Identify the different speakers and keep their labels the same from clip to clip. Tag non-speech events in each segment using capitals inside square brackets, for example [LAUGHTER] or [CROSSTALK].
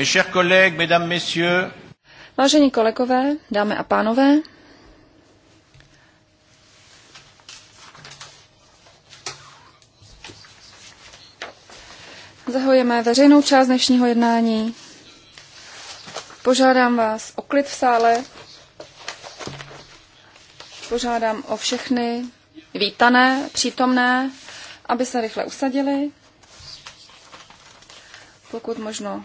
Speaker 1: Mes chers collègues, mesdames, messieurs.
Speaker 2: Vážení kolegové, dámy a pánové, zahojeme veřejnou část dnešního jednání. Požádám vás o klid v sále. Požádám o všechny vítané, přítomné, aby se rychle usadili. Pokud možno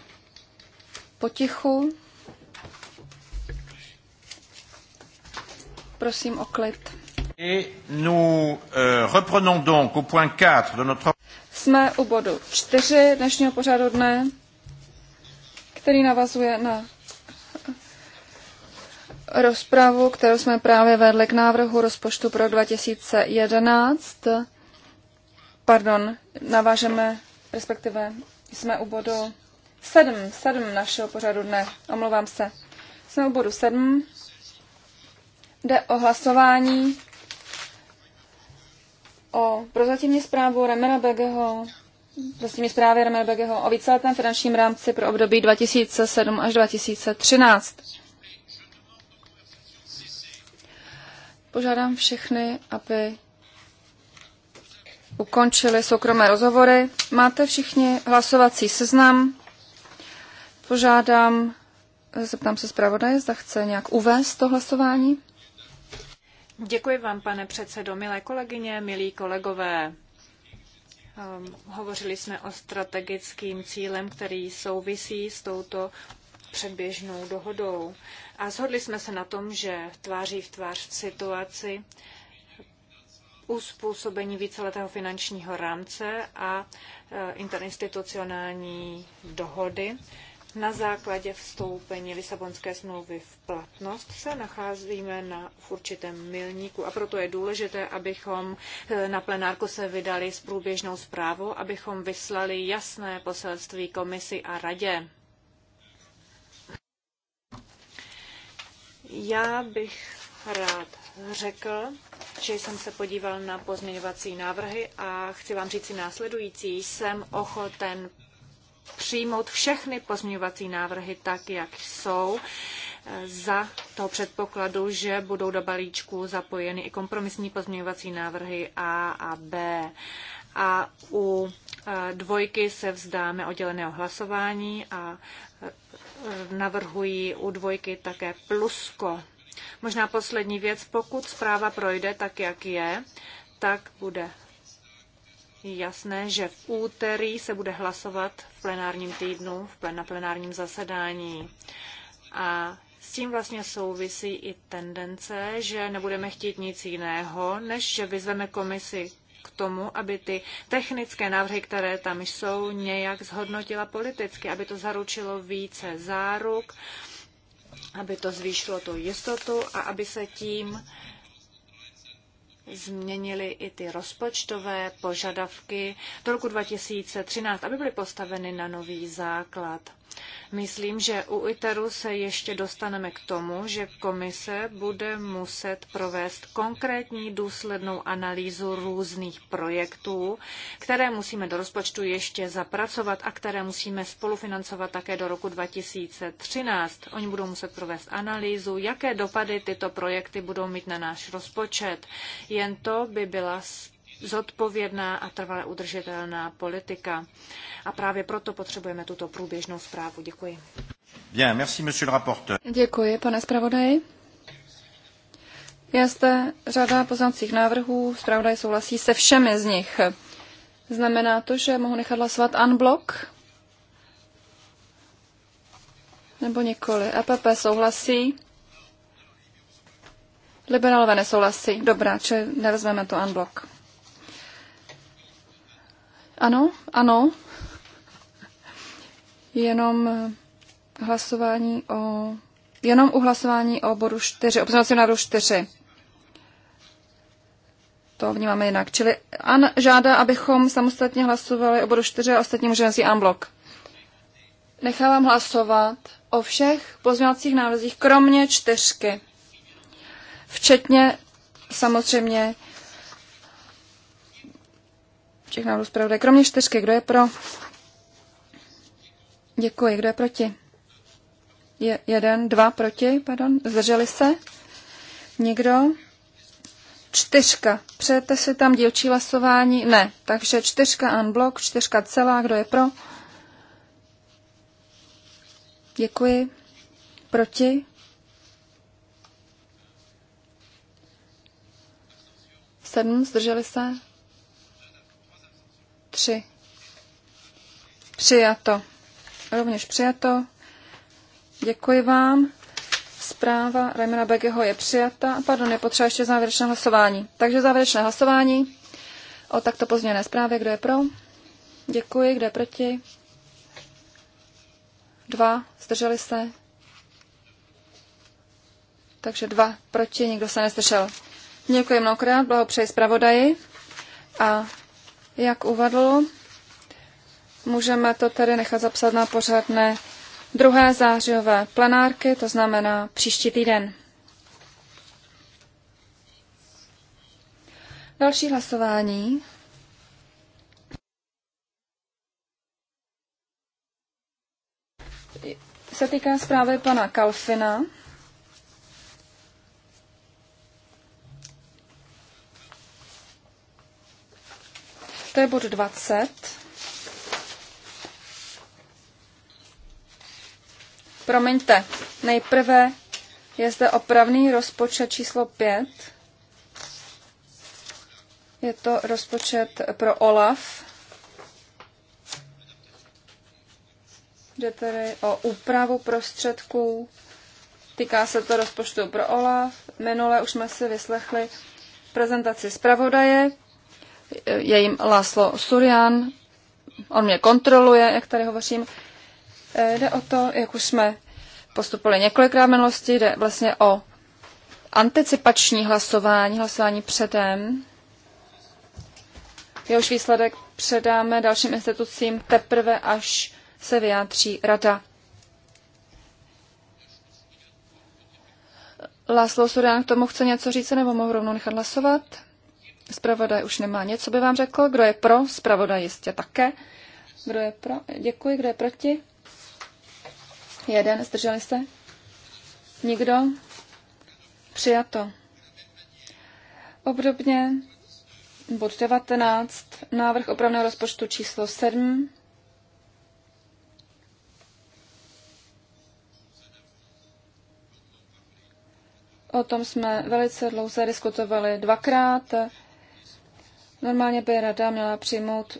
Speaker 2: potichu. Prosím o klid.
Speaker 1: Euh,
Speaker 2: jsme u bodu 4 dnešního pořadu dne, který navazuje na rozpravu, kterou jsme právě vedli k návrhu rozpočtu pro 2011. Pardon, navážeme, respektive jsme u bodu Sedm, sedm, našeho pořadu dne, omlouvám se. Jsme u bodu sedm. Jde o hlasování o prozatímní zprávu Remera Begeho, prozatímní zprávě Remera Begeho o víceletém finančním rámci pro období 2007 až 2013. Požádám všechny, aby ukončili soukromé rozhovory. Máte všichni hlasovací seznam. Požádám, zeptám se zpravodaje, zda chce nějak uvést to hlasování.
Speaker 1: Děkuji vám, pane předsedo, milé kolegyně, milí kolegové. Ehm, hovořili jsme o strategickým cílem, který souvisí s touto předběžnou dohodou. A shodli jsme se na tom, že tváří v tvář v situaci uspůsobení víceletého finančního rámce a e, interinstitucionální dohody na základě vstoupení Lisabonské smlouvy v platnost se nacházíme na, v určitém milníku a proto je důležité, abychom eh, na plenárku se vydali s průběžnou zprávou, abychom vyslali jasné poselství komisi a radě. Já bych rád řekl, že jsem se podíval na pozměňovací návrhy a chci vám říct si následující. Jsem ochoten přijmout všechny pozměňovací návrhy tak, jak jsou, eh, za toho předpokladu, že budou do balíčku zapojeny i kompromisní pozměňovací návrhy A a B. A u eh, dvojky se vzdáme odděleného hlasování a eh, navrhují u dvojky také plusko. Možná poslední věc, pokud zpráva projde tak, jak je, tak bude jasné, že v úterý se bude hlasovat v plenárním týdnu, v plen, na plenárním zasedání. A s tím vlastně souvisí i tendence, že nebudeme chtít nic jiného, než že vyzveme komisi k tomu, aby ty technické návrhy, které tam jsou, nějak zhodnotila politicky, aby to zaručilo více záruk, aby to zvýšilo tu jistotu a aby se tím změnili i ty rozpočtové požadavky do roku 2013, aby byly postaveny na nový základ. Myslím, že u ITERu se ještě dostaneme k tomu, že komise bude muset provést konkrétní důslednou analýzu různých projektů, které musíme do rozpočtu ještě zapracovat a které musíme spolufinancovat také do roku 2013. Oni budou muset provést analýzu, jaké dopady tyto projekty budou mít na náš rozpočet. Jen to by byla zodpovědná a trvale udržitelná politika. A právě proto potřebujeme tuto průběžnou zprávu. Děkuji. Bien, merci, monsieur le rapporteur.
Speaker 2: Děkuji, pane zpravodaji. Je zde řada poznacích návrhů, zpravodaj souhlasí se všemi z nich. Znamená to, že mohu nechat hlasovat unblock? Nebo nikoli. EPP souhlasí. Liberálové nesouhlasí. Dobrá, či nevezmeme to unblock. Ano, ano. Jenom eh, hlasování o... Jenom u hlasování o bodu 4, o na návrhu 4. To vnímáme jinak. Čili An žádá, abychom samostatně hlasovali o bodu 4 a ostatní můžeme si unblock. Nechávám hlasovat o všech pozměňovacích návrzích, kromě čtyřky. Včetně samozřejmě těch návrhů zpravodaje. Kromě čtyřky, kdo je pro? Děkuji, kdo je proti? Je, jeden, dva proti, pardon, zdrželi se? Nikdo? Čtyřka. Přejete si tam dílčí hlasování? Ne. Takže čtyřka unblock, čtyřka celá, kdo je pro? Děkuji. Proti? Sedm, zdrželi se? 3. Přijato. Rovněž přijato. Děkuji vám. Zpráva Raimena Begeho je přijata. Pardon, je potřeba ještě závěrečné hlasování. Takže závěrečné hlasování o takto pozměněné zprávě. Kdo je pro? Děkuji. Kdo je proti? Dva. Zdrželi se? Takže dva proti, nikdo se nezdržel. Děkuji mnohokrát, blahopřeji zpravodaji a jak uvedl, můžeme to tedy nechat zapsat na pořádné druhé zářijové plenárky, to znamená příští týden. Další hlasování. Se týká zprávy pana Kalfina. To je bod 20. Promiňte, nejprve je zde opravný rozpočet číslo 5. Je to rozpočet pro OLAF. Jde tedy o úpravu prostředků. Týká se to rozpočtu pro OLAF. Minule už jsme si vyslechli prezentaci zpravodaje je jim Láslo Surian, on mě kontroluje, jak tady hovořím. E, jde o to, jak už jsme postupovali několikrát v minulosti, jde vlastně o anticipační hlasování, hlasování předem. Jehož výsledek předáme dalším institucím teprve, až se vyjádří rada. Láslo Surian k tomu chce něco říct, nebo mohu rovnou nechat hlasovat? Zpravodaj už nemá něco, by vám řekl. Kdo je pro? Zpravodaj jistě také. Kdo je pro? Děkuji. Kdo je proti? Jeden. Zdrželi se? Nikdo? Přijato. Obdobně bod 19, návrh opravného rozpočtu číslo 7. O tom jsme velice dlouze diskutovali dvakrát. Normálně by rada měla přijmout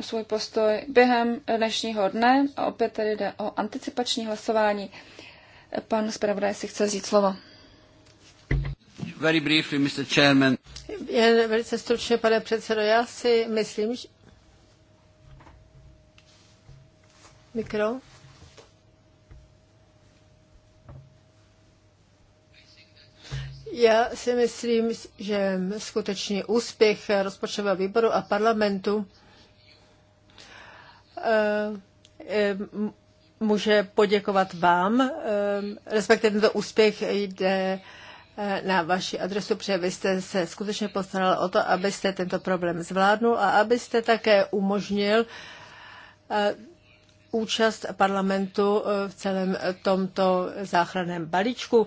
Speaker 2: svůj postoj během dnešního dne a opět tedy jde o anticipační hlasování. Pan zpravodaj si chce vzít slovo. Very briefly, Mr. Chairman.
Speaker 3: Jen velice stručně, pane předsedo, já si myslím, že... Mikro. Já si myslím, že skutečně úspěch rozpočtového výboru a parlamentu eh, může poděkovat vám, eh, respektive tento úspěch jde eh, na vaši adresu, protože vy jste se skutečně postaral o to, abyste tento problém zvládnul a abyste také umožnil účast parlamentu v celém tomto záchranném balíčku.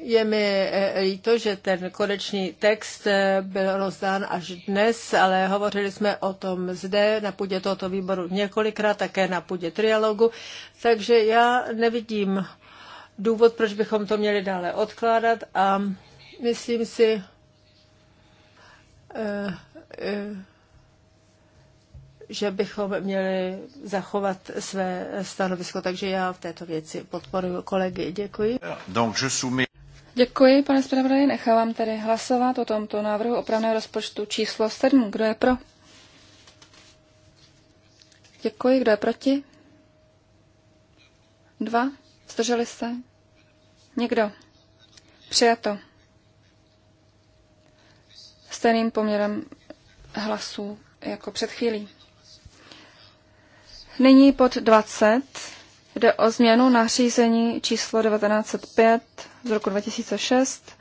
Speaker 3: Je mi eh, líto, že ten konečný text eh, byl rozdán až dnes, ale hovořili jsme o tom zde na půdě tohoto výboru několikrát, také na půdě trialogu, takže já nevidím důvod, proč bychom to měli dále odkládat a myslím si, eh, že bychom měli zachovat své stanovisko, takže já v této věci podporuji kolegy. Děkuji.
Speaker 1: Donc je
Speaker 2: Děkuji, pane zpravodaji. Nechávám tedy hlasovat o tomto návrhu opravného rozpočtu číslo 7. Kdo je pro? Děkuji. Kdo je proti? Dva. Zdrželi se? Někdo. Přijato. Stejným poměrem hlasů jako před chvílí. Nyní pod 20 Jde o změnu nařízení číslo 1905 z roku 2006,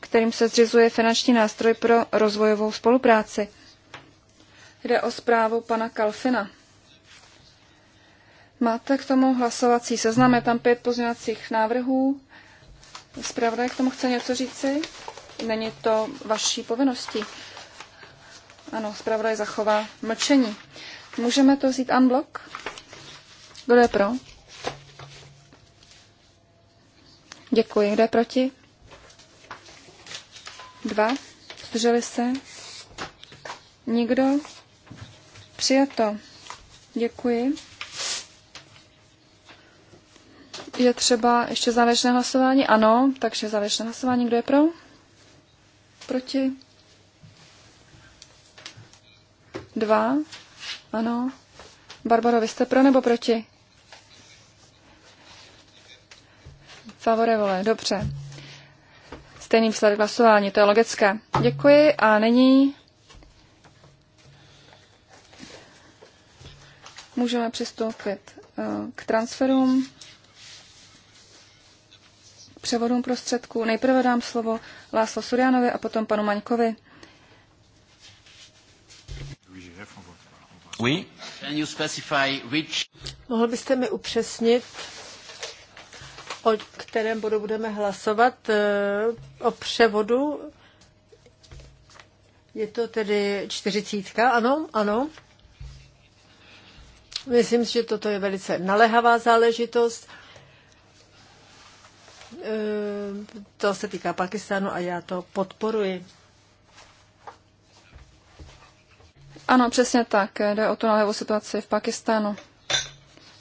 Speaker 2: kterým se zřizuje finanční nástroj pro rozvojovou spolupráci. Jde o zprávu pana Kalfina. Máte k tomu hlasovací seznam, je tam pět pozměňovacích návrhů. Zpravodaj k tomu chce něco říci? Není to vaší povinností. Ano, zpravodaj zachová mlčení. Můžeme to vzít unblock? Kdo je pro? Děkuji. Kdo je proti? Dva. Zdrželi se? Nikdo? Přijato. Děkuji. Je třeba ještě závěrečné hlasování? Ano, takže závěrečné hlasování. Kdo je pro? Proti? Dva. Ano. Barbaro, vy jste pro nebo proti? vole, dobře. Stejný výsledek hlasování, to je logické. Děkuji a nyní můžeme přistoupit eh, k transferům, převodům prostředků. Nejprve dám slovo Láslo Surianovi a potom
Speaker 3: panu Maňkovi. Oui. Can you specify which... Mohl byste mi upřesnit, o kterém bodu budeme hlasovat, eh, o převodu? Je to tedy čtyřicítka, ano, ano. Myslím že toto je velice nalehavá záležitost. Eh, to se týká Pakistánu a já to podporuji.
Speaker 2: Ano, přesně tak. Jde o tu nalévou situaci v Pakistánu.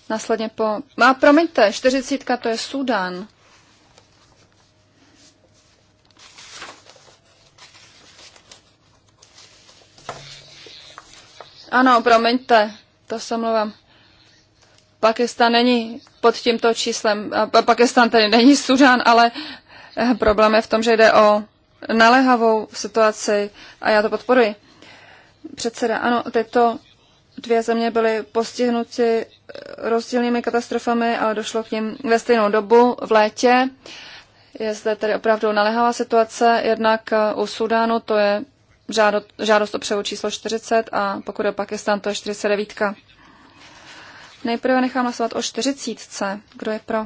Speaker 2: Následně po... A promiňte, čtyřicítka to je Sudan. Ano, promiňte, to se mluvám. Pakistan není pod tímto číslem. Pakistan tedy není Sudan, ale eh, problém je v tom, že jde o naléhavou situaci a já to podporuji. Předseda, ano, tyto dvě země byly postihnuty rozdílnými katastrofami, ale došlo k nim ve stejnou dobu v létě. Je zde tedy opravdu naléhavá situace, jednak u Sudánu to je žádost, o převod číslo 40 a pokud je o Pakistán, to je 49. Nejprve nechám hlasovat o 40. Kdo je pro?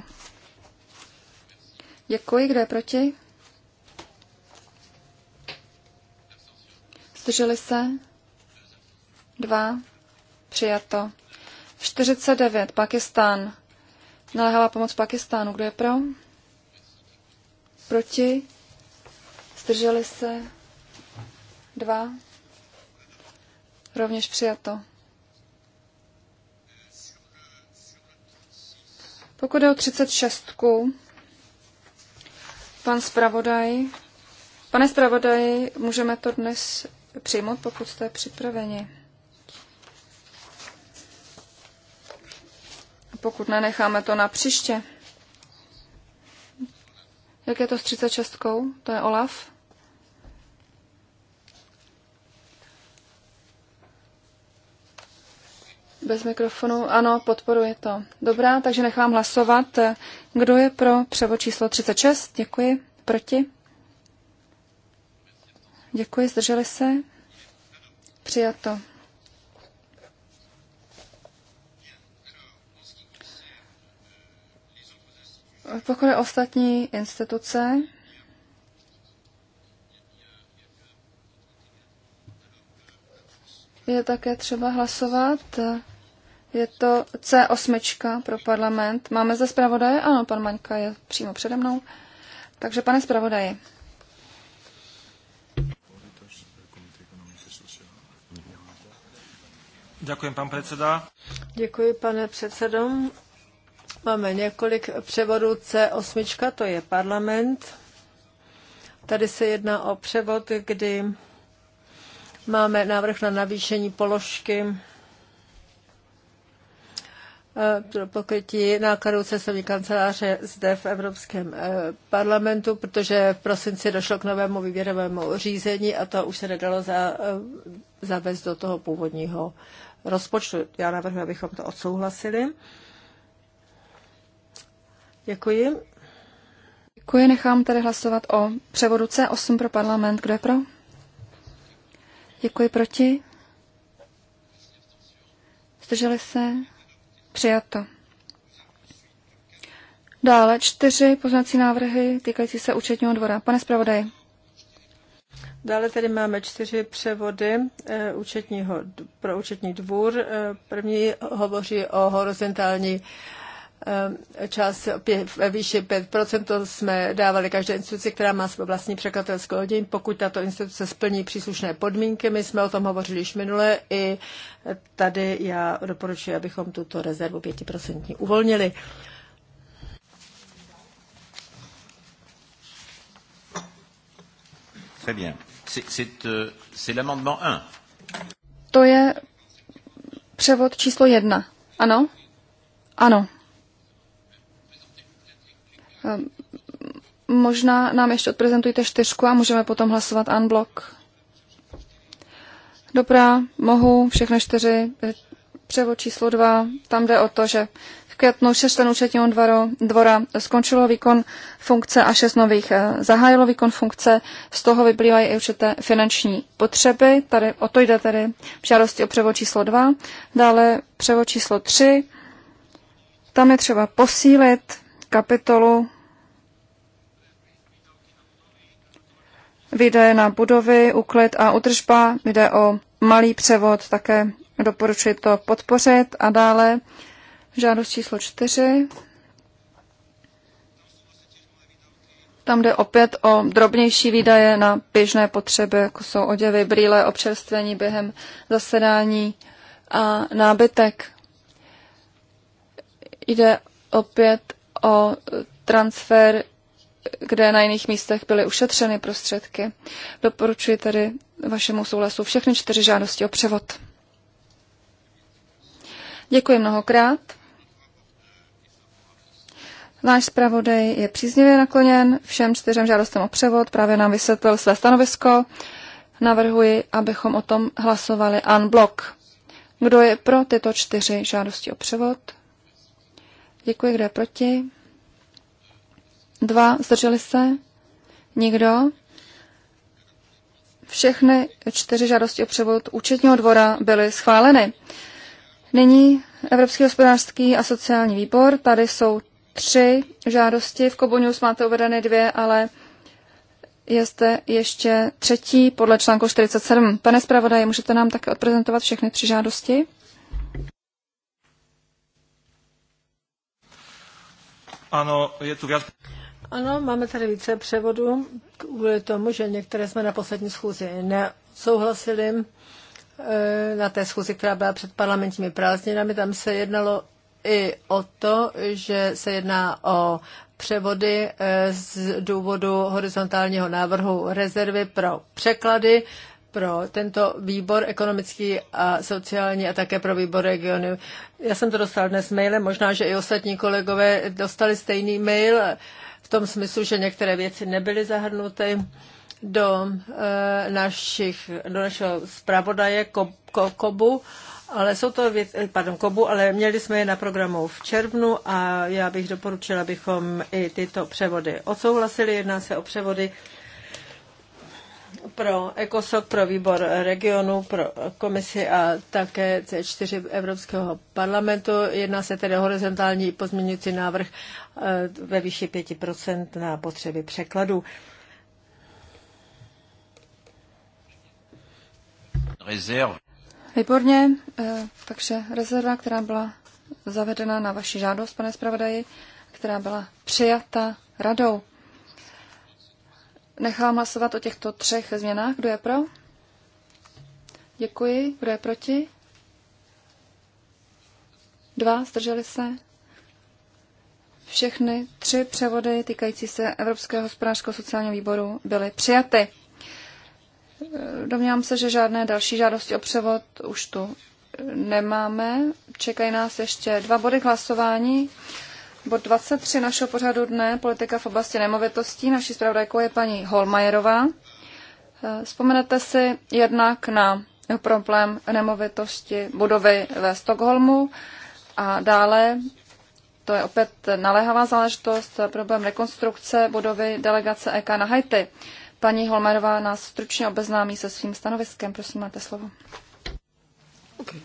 Speaker 2: Děkuji. Kdo je proti? Zdrželi se? 2, přijato. 49, Pakistán. Naléhavá pomoc Pakistánu. Kdo je pro? Proti? Zdrželi se? 2. Rovněž přijato. Pokud je o 36, pan zpravodaj, pane zpravodaji, můžeme to dnes přijmout, pokud jste připraveni. pokud nenecháme to na příště. Jak je to s 36? To je Olaf. Bez mikrofonu. Ano, podporuji to. Dobrá, takže nechám hlasovat. Kdo je pro převod číslo 36? Děkuji. Proti? Děkuji, zdrželi se. Přijato. Pokud je ostatní instituce, je také třeba hlasovat. Je to C8 pro parlament. Máme zde zpravodaje? Ano, pan Maňka je přímo přede mnou. Takže pane zpravodaji.
Speaker 3: Děkuji, pan předseda. Děkuji, pane předsedo. Máme několik převodů C8, to je parlament. Tady se jedná o převod, kdy máme návrh na navýšení položky eh, pro pokrytí nákladů cestovní kanceláře zde v Evropském eh, parlamentu, protože v prosinci došlo k novému výběrovému řízení a to už se nedalo za, eh, zavést do toho původního rozpočtu. Já navrhuji, abychom to odsouhlasili. Děkuji.
Speaker 2: Děkuji, nechám tady hlasovat o převodu C8 pro parlament. Kdo je pro? Děkuji proti. Zdrželi se? Přijato. Dále čtyři poznací návrhy týkající se účetního dvora. Pane zpravodaji.
Speaker 3: Dále tady máme čtyři převody e, účetního, pro účetní dvůr. E, první hovoří o horizontální e, Eh, čas ve výši 5%, to jsme dávali každé instituci, která má svou vlastní překladatelskou hodin, pokud tato instituce splní příslušné podmínky. My jsme o tom hovořili již minule i tady já doporučuji, abychom tuto rezervu 5% uvolnili.
Speaker 1: Très bien. C'est euh,
Speaker 2: To je převod číslo jedna. Ano? Ano. Ehm, možná nám ještě odprezentujte čtyřku a můžeme potom hlasovat unblock. Dobrá, mohu všechny čtyři. Eh, převod číslo dva, tam jde o to, že v květnu šest členů účetního dvora skončilo výkon funkce a šest nových eh, zahájilo výkon funkce. Z toho vyplývají i určité finanční potřeby. Tady, o to jde tedy v žádosti o převod číslo dva. Dále převod číslo tři. Tam je třeba posílit kapitolu výdaje na budovy, úklid a udržba. Jde o malý převod, také doporučuji to podpořit. A dále žádost číslo čtyři. Tam jde opět o drobnější výdaje na běžné potřeby, jako jsou oděvy, brýle, občerstvení během zasedání a nábytek. Jde opět o transfer kde na jiných místech byly ušetřeny prostředky. Doporučuji tedy vašemu souhlasu všechny čtyři žádosti o převod. Děkuji mnohokrát. Náš zpravodaj je příznivě nakloněn všem čtyřem žádostem o převod, právě nám vysvětlil své stanovisko. Navrhuji, abychom o tom hlasovali en blok. Kdo je pro tyto čtyři žádosti o převod? Děkuji, kdo je proti? Dva. Zdrželi se? Nikdo? Všechny čtyři žádosti o převod účetního dvora byly schváleny. Nyní Evropský hospodářský a sociální výbor. Tady jsou tři žádosti. V Kobonius máte uvedeny dvě, ale je zde ještě třetí podle článku 47. Pane zpravodaji, můžete nám také odprezentovat všechny tři žádosti?
Speaker 3: Ano, je tu viac... Ano, máme tady více převodů kvůli tomu, že některé jsme na poslední schůzi nesouhlasili eh, na té schůzi, která byla před parlamentními prázdninami. Tam se jednalo i o to, že se jedná o převody eh, z důvodu horizontálního návrhu rezervy pro překlady pro tento výbor ekonomický a sociální a také pro výbor regionu. Já jsem to dostal dnes mailem, možná, že i ostatní kolegové dostali stejný mail v tom smyslu, že některé věci nebyly zahrnuty do, eh, našich, do našeho zpravodaje KOBu, ale jsou to věc, eh, pardon, KOBu, ale měli jsme je na programu v červnu a já bych doporučila, abychom i tyto převody odsouhlasili. Jedná se o převody pro ECOSOC, pro výbor regionu, pro komisi a také C4 Evropského parlamentu. Jedná se tedy o horizontální pozměňující návrh eh, ve výši 5% na potřeby překladu. Rezerv. Výborně, eh, takže
Speaker 2: rezerva, která byla zavedena na vaši žádost, pane zpravodaji, která byla přijata radou. Nechám hlasovat o těchto třech změnách. Kdo je pro? Děkuji. Kdo je proti? Dva. Zdrželi se? Všechny tři převody týkající se Evropského hospodářského sociálního výboru byly přijaty. Domnívám se, že žádné další žádosti o převod už tu nemáme. Čekají nás ještě dva body hlasování. Bod 23 našeho pořadu dne, politika v oblasti nemovitostí. Naší zpravodajkou je paní Holmajerová. Eh, vzpomenete si jednak na problém nemovitosti budovy ve Stockholmu a dále to je opět naléhavá záležitost, problém rekonstrukce budovy delegace EK na Haiti. Paní Holmajerová, nás stručně obeznámí se svým stanoviskem. Prosím, máte slovo.
Speaker 1: Okay.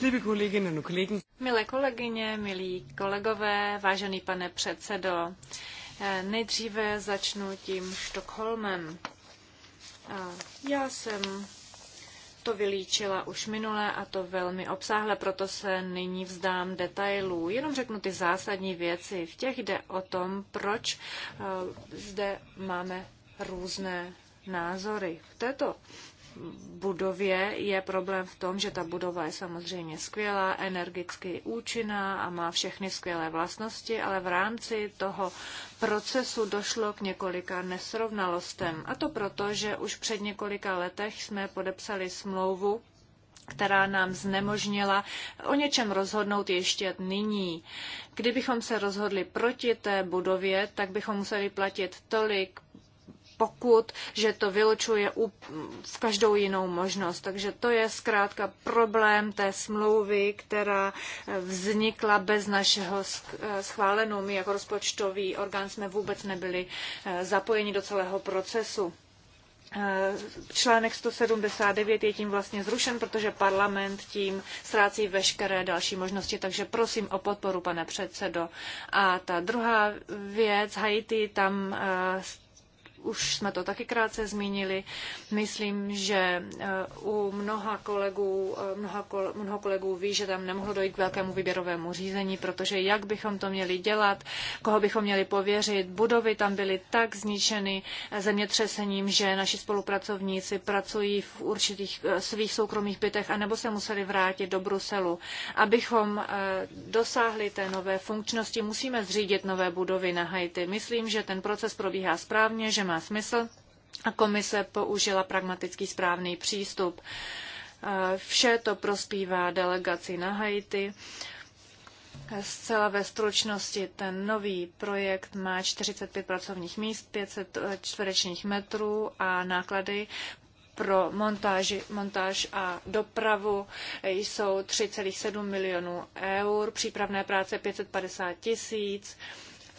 Speaker 1: Liebe Kolleginnen und Kollegen. Milé kolegyně, milí kolegové, vážený pane předsedo, eh, nejdříve začnu tím Stockholmem. Eh, já jsem to vylíčila už minule a to velmi obsáhle, proto se nyní vzdám detailů. Jenom řeknu ty zásadní věci. V těch jde o tom, proč eh, zde máme různé názory. V této budově je problém v tom, že ta budova je samozřejmě skvělá, energicky účinná a má všechny skvělé vlastnosti, ale v rámci toho procesu došlo k několika nesrovnalostem. A to proto, že už před několika letech jsme podepsali smlouvu která nám znemožnila o něčem rozhodnout ještě nyní. Kdybychom se rozhodli proti té budově, tak bychom museli platit tolik pokud, že to vylučuje v každou jinou možnost. Takže to je zkrátka problém té smlouvy, která vznikla bez našeho schválenu. My jako rozpočtový orgán jsme vůbec nebyli eh, zapojeni do celého procesu. Eh, článek 179 je tím vlastně zrušen, protože parlament tím ztrácí veškeré další možnosti, takže prosím o podporu, pane předsedo. A ta druhá věc, Haiti, tam eh, už jsme to taky krátce zmínili. Myslím, že eh, u mnoha kolegů, eh, mnoha, kole, mnoha kolegů ví, že tam nemohlo dojít k velkému výběrovému řízení, protože jak bychom to měli dělat, koho bychom měli pověřit. Budovy tam byly tak zničeny zemětřesením, že naši spolupracovníci pracují v určitých eh, svých soukromých bytech anebo se museli vrátit do Bruselu. Abychom dosáhli té nové funkčnosti, musíme zřídit nové budovy na Haiti. Myslím, že ten proces probíhá správně, že má má smysl a komise použila pragmatický správný přístup. Vše to prospívá delegaci na Haiti. Zcela ve stručnosti ten nový projekt má 45 pracovních míst, 500 eh, čtverečních metrů a náklady pro montáži, montáž a dopravu jsou 3,7 milionů eur, přípravné práce 550 tisíc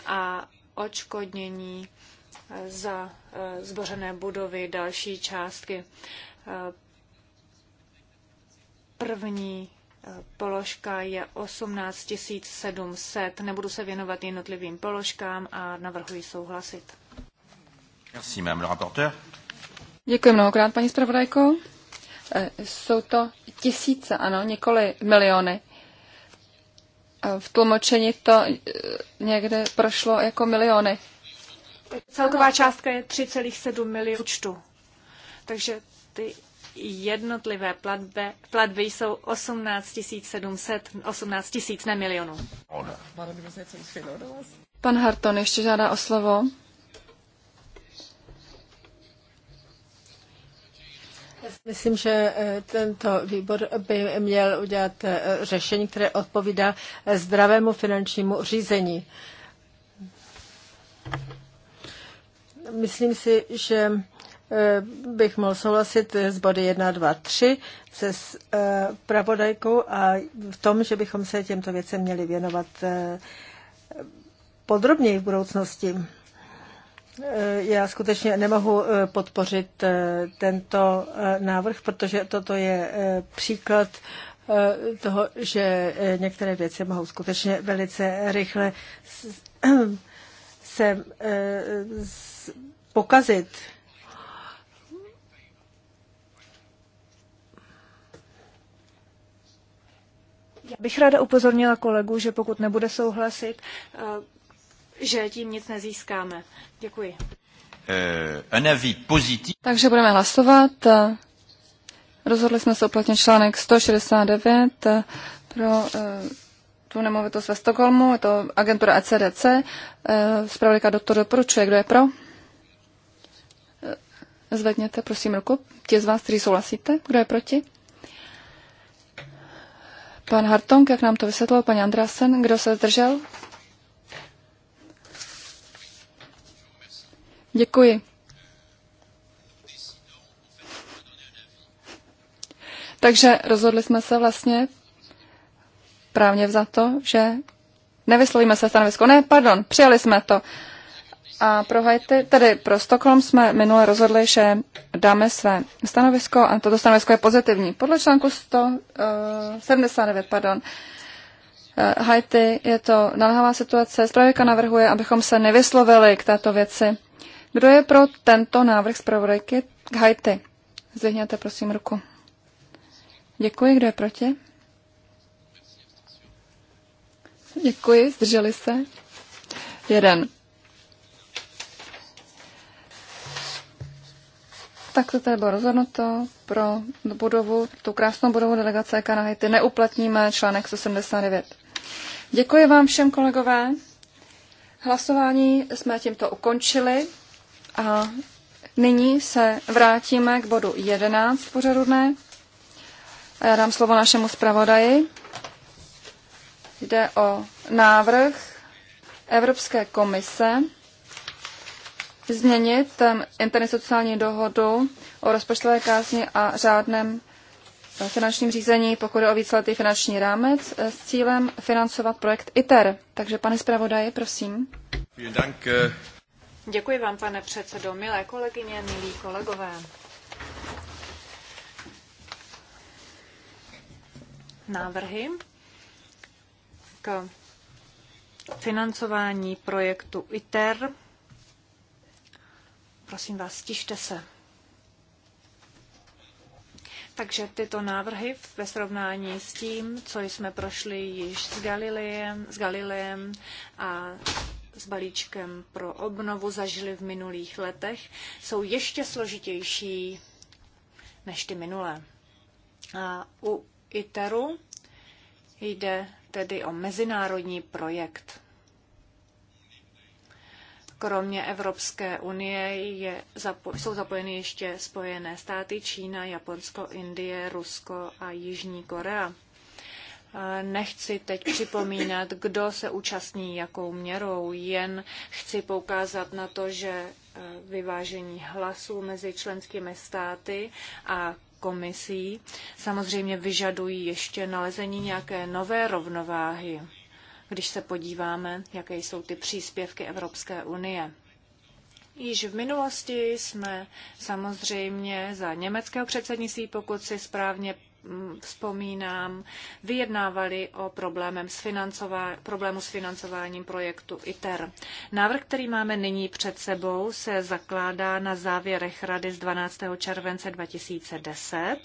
Speaker 1: a očkodnění za eh, zbořené budovy další částky. Eh, první eh, položka je 18 700. Nebudu se věnovat jednotlivým položkám a navrhuji souhlasit. Merci, madame le rapporteur.
Speaker 2: Děkuji mnohokrát, paní zpravodajko. Jsou to tisíce, ano, nikoli miliony. V tlumočení to někde prošlo jako miliony.
Speaker 1: Celková částka je 3,7 milionů účtu. Takže ty jednotlivé platby, platby jsou 18 700, 18 tisíc, ne milionů.
Speaker 2: Pan Harton ještě žádá o slovo.
Speaker 3: Myslím, že eh, tento výbor by měl udělat eh, řešení, které odpovídá eh, zdravému finančnímu řízení. Myslím si, že eh, bych mohl souhlasit eh, s body 1, 2, 3 se s eh, pravodajkou a v tom, že bychom se těmto věcem měli věnovat podrobněji v budoucnosti. Já skutečně nemohu podpořit tento návrh, protože toto je příklad toho, že některé věci mohou skutečně velice rychle [CLEARS THROAT] se pokazit.
Speaker 1: Já bych ráda upozornila kolegu, že pokud nebude souhlasit, eh, že tím nic nezískáme. Děkuji. Eh,
Speaker 2: Takže budeme hlasovat. Rozhodli jsme se uplatnit článek 169 eh, pro tu nemovitost ve Stokholmu. je to agentura ECDC. Zpravodajka doktor doporučuje, kdo je pro? zvedněte prosím ruku. Tě z vás, kteří souhlasíte, kdo je proti? Pan Hartong, jak nám to vysvětlil, paní Andrasen, kdo se zdržel? Děkuji. Takže rozhodli jsme se vlastně právně za to, že nevyslovíme se stanovisko. Ne, pardon, přijali jsme to. A pro Haiti, tedy pro Stockholm jsme minule rozhodli, že dáme své stanovisko a toto stanovisko je pozitivní. Podle článku 179, eh, pardon, eh, Haiti je to nalhavá situace. Zpravodajka navrhuje, abychom se nevyslovili k této věci. Kdo je pro tento návrh zpravodajky k Haiti? Zvihněte prosím ruku. Děkuji. Kdo je proti? Děkuji. Zdrželi se? Jeden. tak to tady bylo rozhodnuto pro budovu, tu krásnou budovu delegace EK na Haiti. Neuplatníme článek 79. Děkuji vám všem kolegové. Hlasování jsme tímto ukončili a nyní se vrátíme k bodu 11 pořadu dne. A já dám slovo našemu zpravodaji. Jde o návrh Evropské komise změnit um, sociální dohodu o rozpočtové kázni a řádném eh, finančním řízení, pokud je o víceletý finanční rámec, eh, s cílem financovat projekt ITER. Takže, pane zpravodaji, prosím.
Speaker 3: Eh.
Speaker 1: Děkuji vám, pane předsedo, milé kolegyně, milí kolegové. Návrhy k financování projektu ITER Prosím vás, stište se. Takže tyto návrhy ve srovnání s tím, co jsme prošli již s Galileem, s Galileem a s balíčkem pro obnovu zažili v minulých letech, jsou ještě složitější než ty minulé. A u ITERu jde tedy o mezinárodní projekt kromě Evropské unie je, zapo- jsou zapojeny ještě Spojené státy, Čína, Japonsko, Indie, Rusko a Jižní Korea. Nechci teď připomínat, kdo se účastní jakou měrou, jen chci poukázat na to, že e, vyvážení hlasů mezi členskými státy a komisí samozřejmě vyžadují ještě nalezení nějaké nové rovnováhy když se podíváme, jaké jsou ty příspěvky Evropské unie. Již v minulosti jsme samozřejmě za německého předsednictví, pokud si správně mm, vzpomínám, vyjednávali o problémem s problému s financováním projektu ITER. Návrh, který máme nyní před sebou, se zakládá na závěrech Rady z 12. července 2010.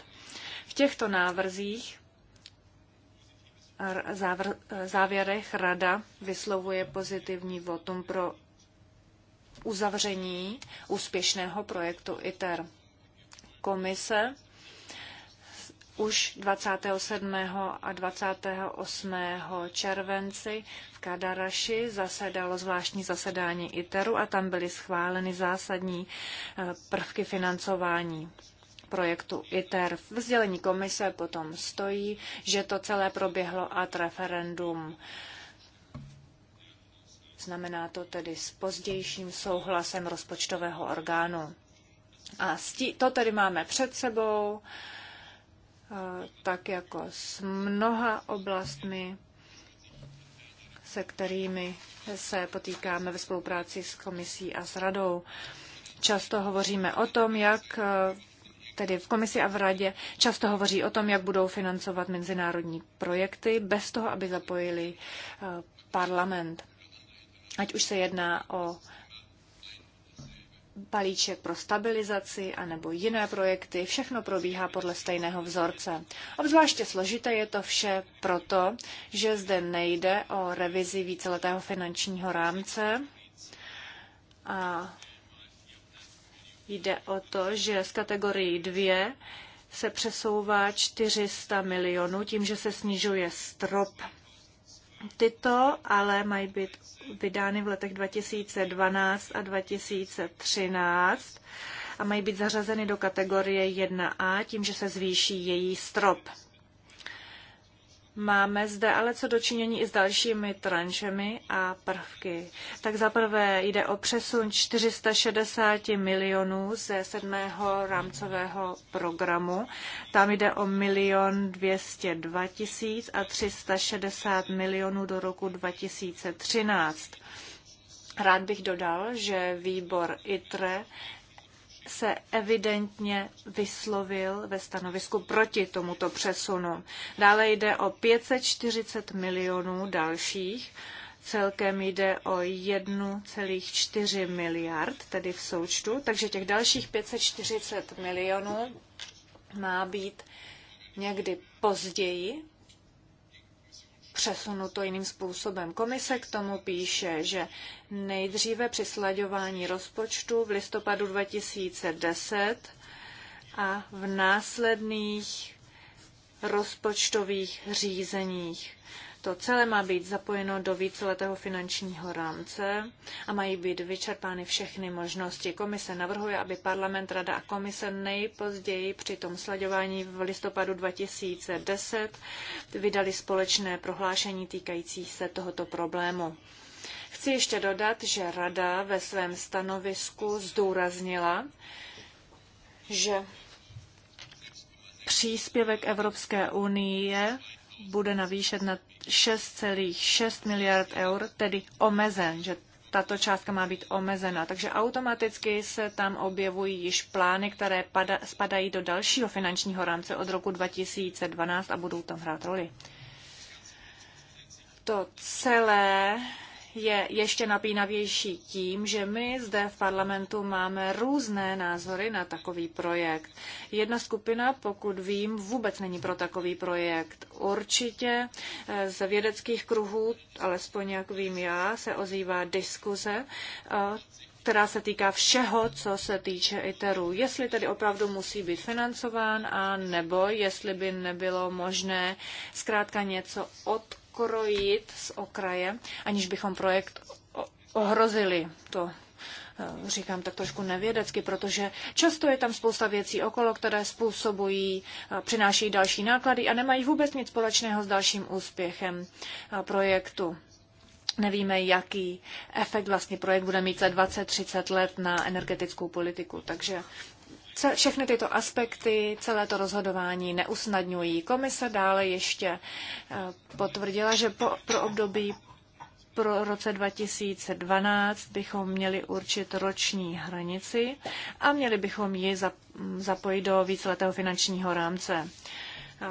Speaker 1: V těchto návrzích závr, závěrech rada vyslovuje pozitivní votum pro uzavření úspěšného projektu ITER. Komise už 27. a 28. červenci v Kadaraši zasedalo zvláštní zasedání ITERu a tam byly schváleny zásadní eh, prvky financování projektu ITER. V sdělení komise potom stojí, že to celé proběhlo ad referendum. Znamená to tedy s pozdějším souhlasem rozpočtového orgánu. A to tedy máme před sebou, e, tak jako s mnoha oblastmi, se kterými se potýkáme ve spolupráci s komisí a s radou. Často hovoříme o tom, jak e, tedy v komisi a v radě, často hovoří o tom, jak budou financovat mezinárodní projekty, bez toho, aby zapojili eh, parlament. Ať už se jedná o balíček pro stabilizaci a nebo jiné projekty, všechno probíhá podle stejného vzorce. Obzvláště složité je to vše proto, že zde nejde o revizi víceletého finančního rámce a Jde o to, že z kategorii 2 se přesouvá 400 milionů tím, že se snižuje strop. Tyto ale mají být vydány v letech 2012 a 2013 a mají být zařazeny do kategorie 1A tím, že se zvýší její strop. Máme zde ale co dočinění i s dalšími tranšemi a prvky. Tak zaprvé jde o přesun 460 milionů ze sedmého rámcového programu. Tam jde o milion 202 tisíc a 360 milionů do roku 2013. Rád bych dodal, že výbor ITRE se evidentně vyslovil ve stanovisku proti tomuto přesunu. Dále jde o 540 milionů dalších, celkem jde o 1,4 miliard, tedy v součtu, takže těch dalších 540 milionů má být někdy později to jiným způsobem. Komise k tomu píše, že nejdříve při slaďování rozpočtu v listopadu 2010 a v následných rozpočtových řízeních. To celé má být zapojeno do víceletého finančního rámce a mají být vyčerpány všechny možnosti. Komise navrhuje, aby parlament, rada a komise nejpozději při tom sledování v listopadu 2010 vydali společné prohlášení týkající se tohoto problému. Chci ještě dodat, že Rada ve svém stanovisku zdůraznila, že příspěvek Evropské unie bude navýšen na 6,6 miliard eur, tedy omezen, že tato částka má být omezena. Takže automaticky se tam objevují již plány, které pada, spadají do dalšího finančního rámce od roku 2012 a budou tam hrát roli. To celé je ještě napínavější tím, že my zde v parlamentu máme různé názory na takový projekt. Jedna skupina, pokud vím, vůbec není pro takový projekt. Určitě eh, z vědeckých kruhů, alespoň jak vím já, se ozývá diskuze eh, která se týká všeho, co se týče ITERu. Jestli tedy opravdu musí být financován, a nebo jestli by nebylo možné zkrátka něco od skoro z okraje, aniž bychom projekt ohrozili. To eh, říkám tak trošku nevědecky, protože často je tam spousta věcí okolo, které způsobují, eh, přináší další náklady a nemají vůbec nic společného s dalším úspěchem eh, projektu. Nevíme, jaký efekt vlastně projekt bude mít za 20-30 let na energetickou politiku, takže všechny tyto aspekty, celé to rozhodování neusnadňují. Komise dále ještě eh, potvrdila, že po, pro období pro roce 2012 bychom měli určit roční hranici a měli bychom ji zapojit do víceletého finančního rámce. Eh,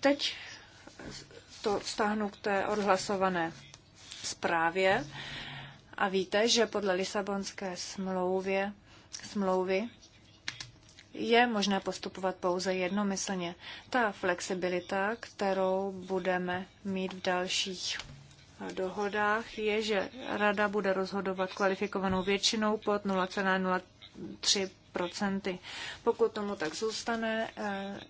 Speaker 1: teď to stáhnu k té odhlasované zprávě. A víte, že podle Lisabonské smlouvě, smlouvy je možné postupovat pouze jednomyslně. Ta flexibilita, kterou budeme mít v dalších dohodách, je, že Rada bude rozhodovat kvalifikovanou většinou pod 0,03 procenty. Pokud tomu tak zůstane, eh,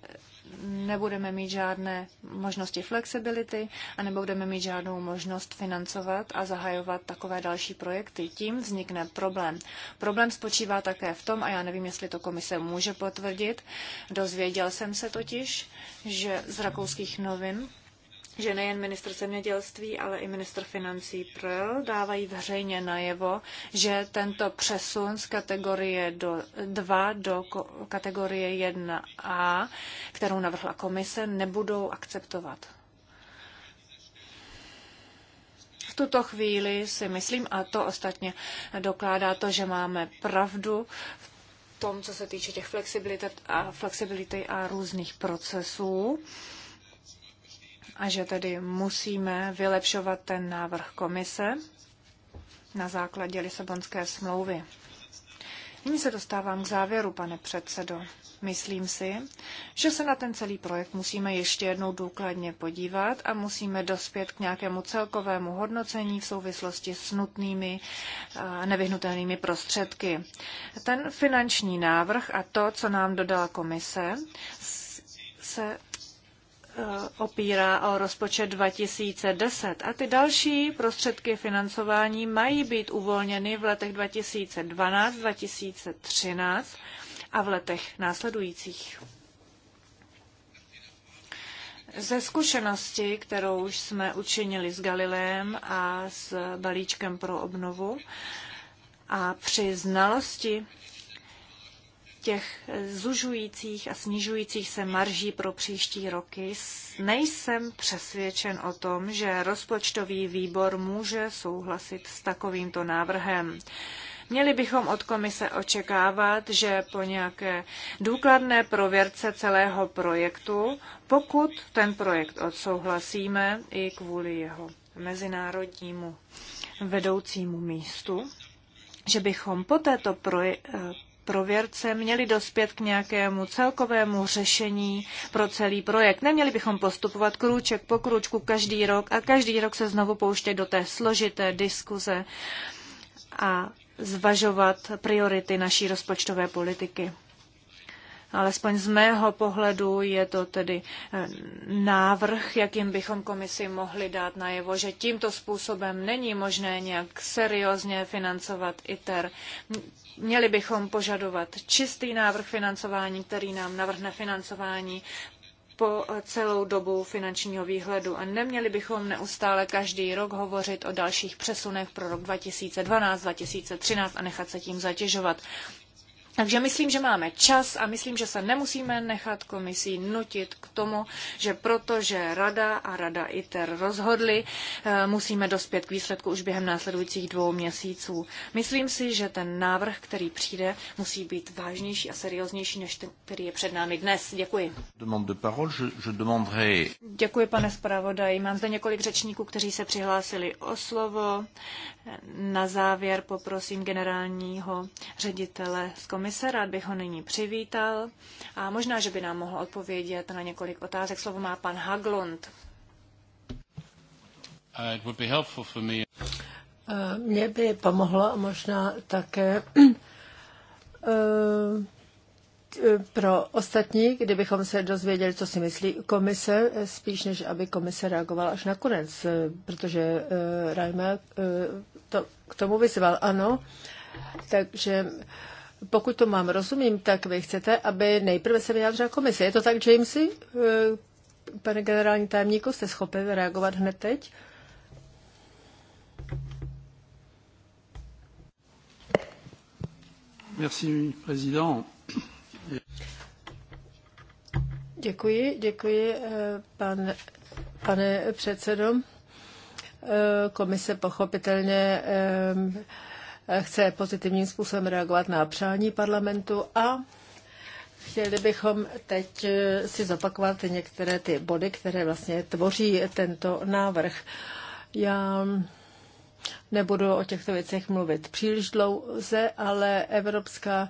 Speaker 1: nebudeme mít žádné možnosti flexibility a nebudeme mít žádnou možnost financovat a zahajovat takové další projekty. Tím vznikne problém. Problém spočívá také v tom, a já nevím, jestli to komise může potvrdit, dozvěděl jsem se totiž, že z rakouských novin, že nejen ministr zemědělství, ale i ministr financí Prl dávají veřejně najevo, že tento přesun z kategorie do do kategorie 1a, kterou navrhla komise, nebudou akceptovat. V tuto chvíli si myslím, a to ostatně dokládá to, že máme pravdu v tom, co se týče těch flexibility a, flexibility a různých procesů, a že tedy musíme vylepšovat ten návrh komise na základě Lisabonské smlouvy. Nyní se dostávám k závěru, pane předsedo. Myslím si, že se na ten celý projekt musíme ještě jednou důkladně podívat a musíme dospět k nějakému celkovému hodnocení v souvislosti s nutnými a eh, nevyhnutelnými prostředky. Ten finanční návrh a to, co nám dodala komise, se Eh, opírá o rozpočet 2010 a ty další prostředky financování mají být uvolněny v letech 2012, 2013 a v letech následujících. Ze zkušenosti, kterou už jsme učinili s Galileem a s balíčkem pro obnovu a při znalosti těch eh, zužujících a snižujících se marží pro příští roky nejsem přesvědčen o tom, že rozpočtový výbor může souhlasit s takovýmto návrhem. Měli bychom od komise očekávat, že po nějaké důkladné prověrce celého projektu, pokud ten projekt odsouhlasíme i kvůli jeho mezinárodnímu vedoucímu místu, že bychom po této eh, prověrce měli dospět k nějakému celkovému řešení pro celý projekt. Neměli bychom postupovat krůček po krůčku každý rok a každý rok se znovu pouštět do té složité diskuze a zvažovat priority naší rozpočtové politiky. Alespoň z mého pohledu je to tedy eh, návrh, jakým bychom komisi mohli dát najevo, že tímto způsobem není možné nějak seriózně financovat ITER. Měli bychom požadovat čistý návrh financování, který nám navrhne financování po celou dobu finančního výhledu a neměli bychom neustále každý rok hovořit o dalších přesunech pro rok 2012, 2013 a nechat se tím zatěžovat. Takže myslím, že máme čas a myslím, že se nemusíme nechat komisí nutit k tomu, že protože Rada a Rada ITER rozhodly, eh, musíme dospět k výsledku už během následujících dvou měsíců. Myslím si, že ten návrh, který přijde, musí být vážnější a serióznější, než ten, který je před námi dnes. Děkuji. Děkuji, pane zpravodaji. Mám zde několik řečníků, kteří se přihlásili o slovo. Na závěr poprosím generálního ředitele z komisí komise, rád bych ho nyní přivítal a možná, že by nám mohl odpovědět na několik otázek. Slovo má pan Haglund.
Speaker 2: Uh,
Speaker 3: Mně uh, by pomohlo možná také [CLEARS THROAT] uh, pro ostatní, kdybychom se dozvěděli, co si myslí komise, spíš než aby komise reagovala až nakonec, eh, protože eh, Reimer eh, to k tomu vyzval. Ano, takže pokud to mám rozumím, tak vy chcete, aby nejprve se vyjádřila komise. Je to tak, Jamesy? Eh, pane generální tajemníku, jste schopen reagovat hned teď?
Speaker 1: Merci, président.
Speaker 3: Děkuji, děkuji, eh, pan, pane předsedo. Eh, komise pochopitelně chce pozitivním způsobem reagovat na přání parlamentu a chtěli bychom teď eh, si zopakovat některé ty body, které vlastně tvoří tento návrh. Já nebudu o těchto věcech mluvit příliš dlouze, ale Evropská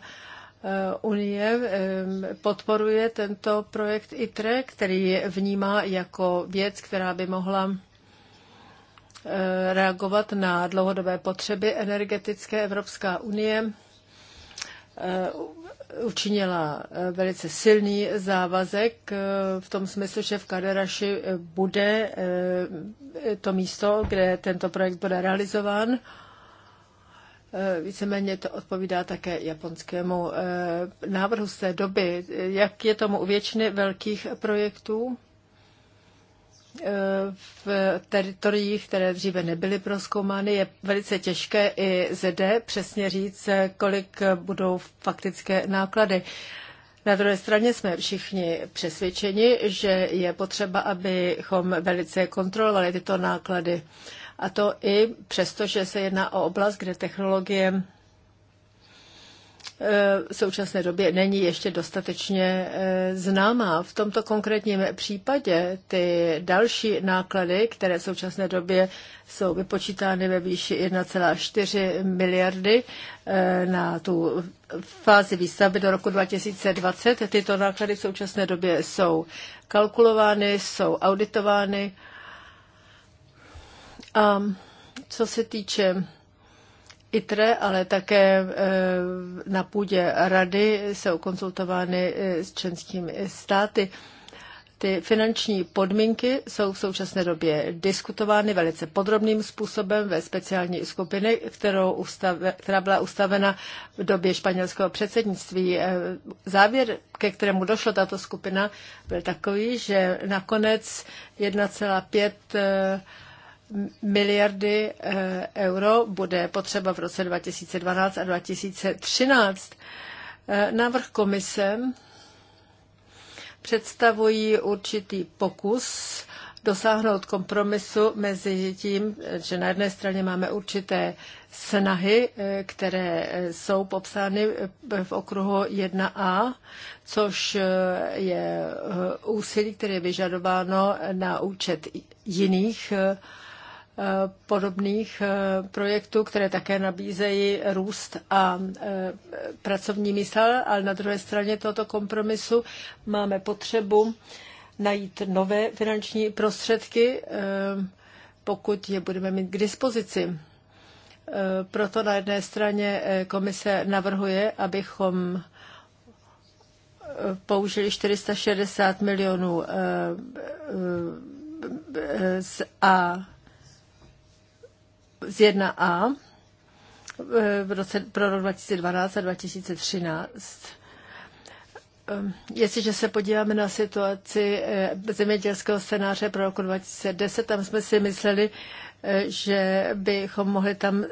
Speaker 3: eh, Unie eh, podporuje tento projekt ITRE, který vnímá jako věc, která by mohla Eh, reagovat na dlouhodobé potřeby energetické Evropská unie eh, učinila eh, velice silný závazek v tom smyslu, že v Kaderaši bude to místo, kde tento projekt bude realizován. Víceméně to odpovídá také japonskému návrhu z té doby. Jak je tomu u většiny velkých projektů? v teritoriích, které dříve nebyly proskoumány, je velice těžké i zde přesně říct, kolik budou faktické náklady. Na druhé straně jsme všichni přesvědčeni, že je potřeba, abychom velice kontrolovali tyto náklady. A to i přesto, že se jedná o oblast, kde technologie v současné době není ještě dostatečně eh, známá. V tomto konkrétním případě ty další náklady, které v současné době jsou vypočítány ve výši 1,4 miliardy eh, na tu fázi výstavby do roku 2020, tyto náklady v současné době jsou kalkulovány, jsou auditovány. A co se týče ITRE, ale také eh, na půdě rady jsou konzultovány eh, s členskými státy. Ty finanční podmínky jsou v současné době diskutovány velice podrobným způsobem ve speciální skupině, kterou ustave, která byla ustavena v době španělského předsednictví. Eh, závěr, ke kterému došla tato skupina, byl takový, že nakonec 1,5 miliardy eh, euro bude potřeba v roce 2012 a 2013. Eh, návrh komise představují určitý pokus dosáhnout kompromisu mezi tím, že na jedné straně máme určité snahy, eh, které jsou popsány v okruhu 1a, což je úsilí, které je vyžadováno na účet jiných podobných eh, projektů, které také nabízejí růst a eh, pracovní místa, ale na druhé straně tohoto kompromisu máme potřebu najít nové finanční prostředky, eh, pokud je budeme mít k dispozici. Proto na jedné straně komise navrhuje, abychom použili 460 milionů a z 1A eh, v roce, pro rok 2012 a 2013. Ehm, jestliže se podíváme na situaci eh, zemědělského scénáře pro rok 2010, tam jsme si mysleli, eh, že bychom mohli tam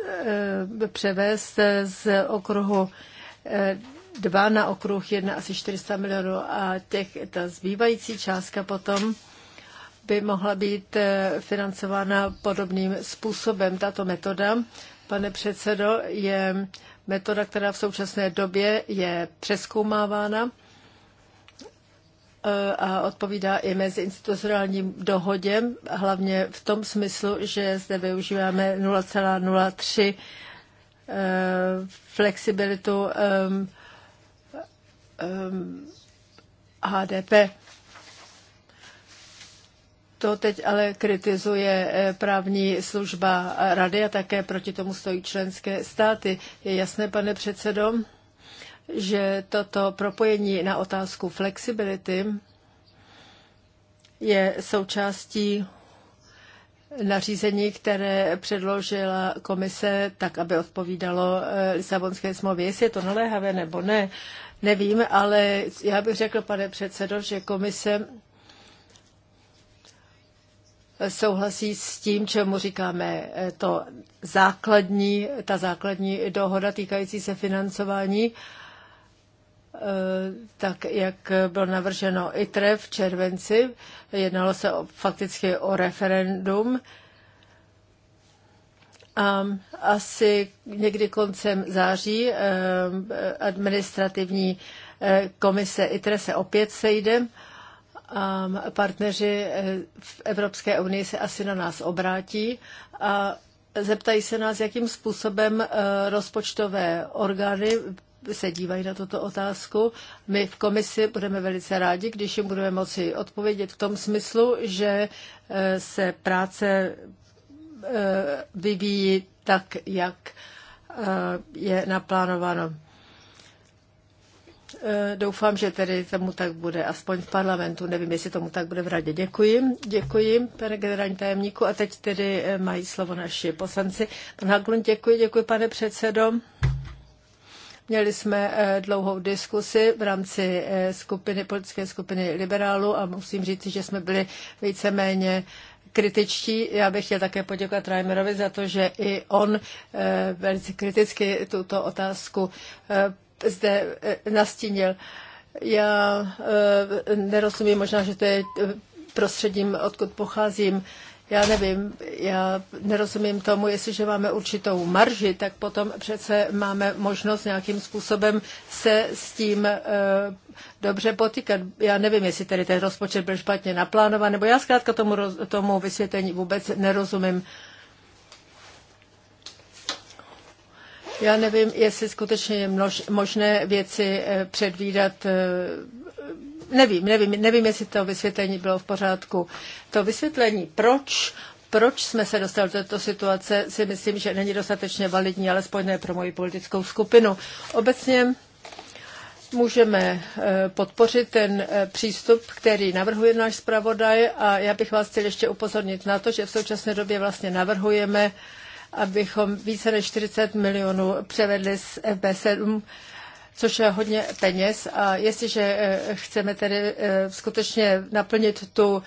Speaker 3: převést z okruhu 2 na okruh 1 asi 400 milionů a těch, ta zbývající částka potom by mohla být eh, financována podobným způsobem. Tato metoda, pane předsedo, je metoda, která v současné době je přeskoumávána eh, a odpovídá i meziinstitucionálním dohodě, hlavně v tom smyslu, že zde využíváme 0,03 eh, flexibilitu HDP. To teď ale kritizuje eh, právní služba rady a také proti tomu stojí členské státy. Je jasné, pane předsedo, že toto propojení na otázku flexibility je součástí nařízení, které předložila komise tak, aby odpovídalo eh, Lisabonské smlouvě, jestli je to naléhavé nebo ne, nevím, ale já bych řekl, pane předsedo, že komise souhlasí s tím, čemu říkáme eh, to základní, ta základní dohoda týkající se financování, eh, tak jak bylo navrženo ITRE v červenci, jednalo se o, fakticky o referendum, a asi někdy koncem září eh, administrativní komise ITRE se opět sejde Um, partneři eh, v Evropské unii se asi na nás obrátí a zeptají se nás, jakým způsobem eh, rozpočtové orgány se dívají na tuto otázku. My v komisi budeme velice rádi, když jim budeme moci odpovědět v tom smyslu, že eh, se práce vyvíjí tak, jak je naplánováno. Eh, doufám, že tedy tomu tak bude, aspoň v parlamentu. Nevím, jestli tomu tak bude v radě. Děkuji, děkuji, pane generální tajemníku. A teď tedy eh, mají slovo naši poslanci. Pan Haglund, děkuji, děkuji, pane předsedo. Měli jsme eh, dlouhou diskusi v rámci skupiny, politické skupiny liberálu a musím říct, že jsme byli víceméně kritičtí. Já bych chtěl také poděkovat Reimerovi za to, že i on velice kriticky tuto otázku zde eh, nastínil. Já eh, nerozumím, možná, že to je eh, prostředím, odkud pocházím. Já nevím, já nerozumím tomu, jestliže máme určitou marži, tak potom přece máme možnost nějakým způsobem se s tím e, dobře potýkat. Já nevím, jestli tedy ten rozpočet byl špatně naplánovaný, nebo já zkrátka tomu, tomu vysvětlení vůbec nerozumím. E, Já nevím, jestli skutečně je množ, možné věci eh, předvídat. Eh, nevím, nevím, nevím, jestli to vysvětlení bylo v pořádku. To vysvětlení, proč proč jsme se dostali do této situace, si myslím, že není dostatečně validní, alespoň ne pro moji politickou skupinu. Obecně můžeme eh, podpořit ten přístup, který navrhuje náš zpravodaj a já bych vás chtěl ještě upozornit na to, že v současné době vlastně navrhujeme abychom více než 40 milionů převedli z FB7 což je hodně peněz. A jestliže eh, chceme tedy eh, skutečně naplnit tu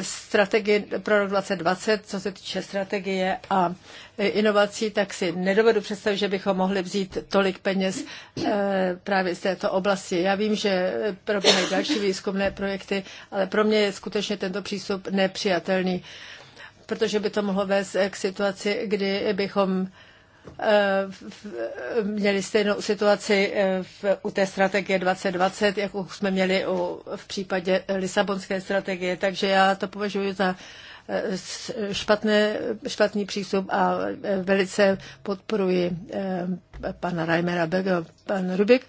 Speaker 3: strategii pro rok 2020, co se týče strategie a eh, inovací, tak si nedovedu představit, že bychom mohli vzít tolik peněz právě z této oblasti. Já vím, že probíhají další výzkumné projekty, ale pro mě je skutečně tento přístup nepřijatelný protože by to mohlo vést eh, k situaci, kdy bychom eh, měli stejnou situaci eh, v, u té strategie 2020, jakou jsme měli u, v případě Lisabonské strategie. Takže já to považuji za špatné, špatný přístup a e, velice podporuji e, pana Reimera Bega, pan Rubik.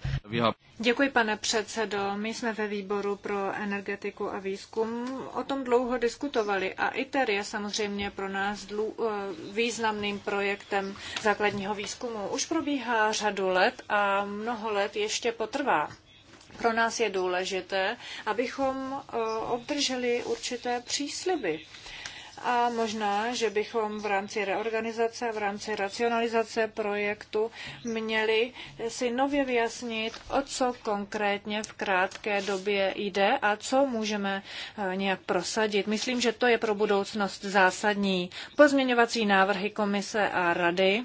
Speaker 1: Děkuji, pane předsedo. My jsme ve výboru pro energetiku a výzkum o tom dlouho diskutovali a ITER je samozřejmě pro nás dlu, e, významným projektem základního výzkumu. Už probíhá řadu let a mnoho let ještě potrvá. Pro nás je důležité, abychom obdrželi určité přísliby a možná, že bychom v rámci reorganizace, v rámci racionalizace projektu měli si nově vyjasnit, o co konkrétně v krátké době jde a co můžeme eh, nějak prosadit. Myslím, že to je pro budoucnost zásadní. Pozměňovací návrhy komise a rady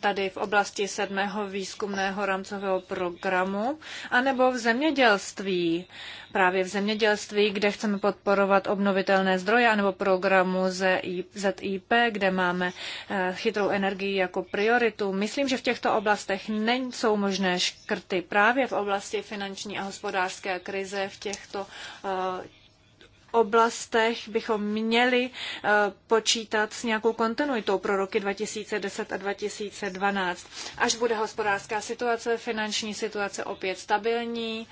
Speaker 1: tady v oblasti sedmého výzkumného rámcového programu, anebo v zemědělství, právě v zemědělství, kde chceme podporovat obnovitelné zdroje, anebo programu ZIP, kde máme eh, chytrou energii jako prioritu. Myslím, že v těchto oblastech nejsou možné škrty. Právě v oblasti finanční a hospodářské krize v těchto eh, oblastech bychom měli eh, počítat s nějakou kontinuitou pro roky 2010 a 2012. Až bude hospodářská situace, finanční situace opět stabilní,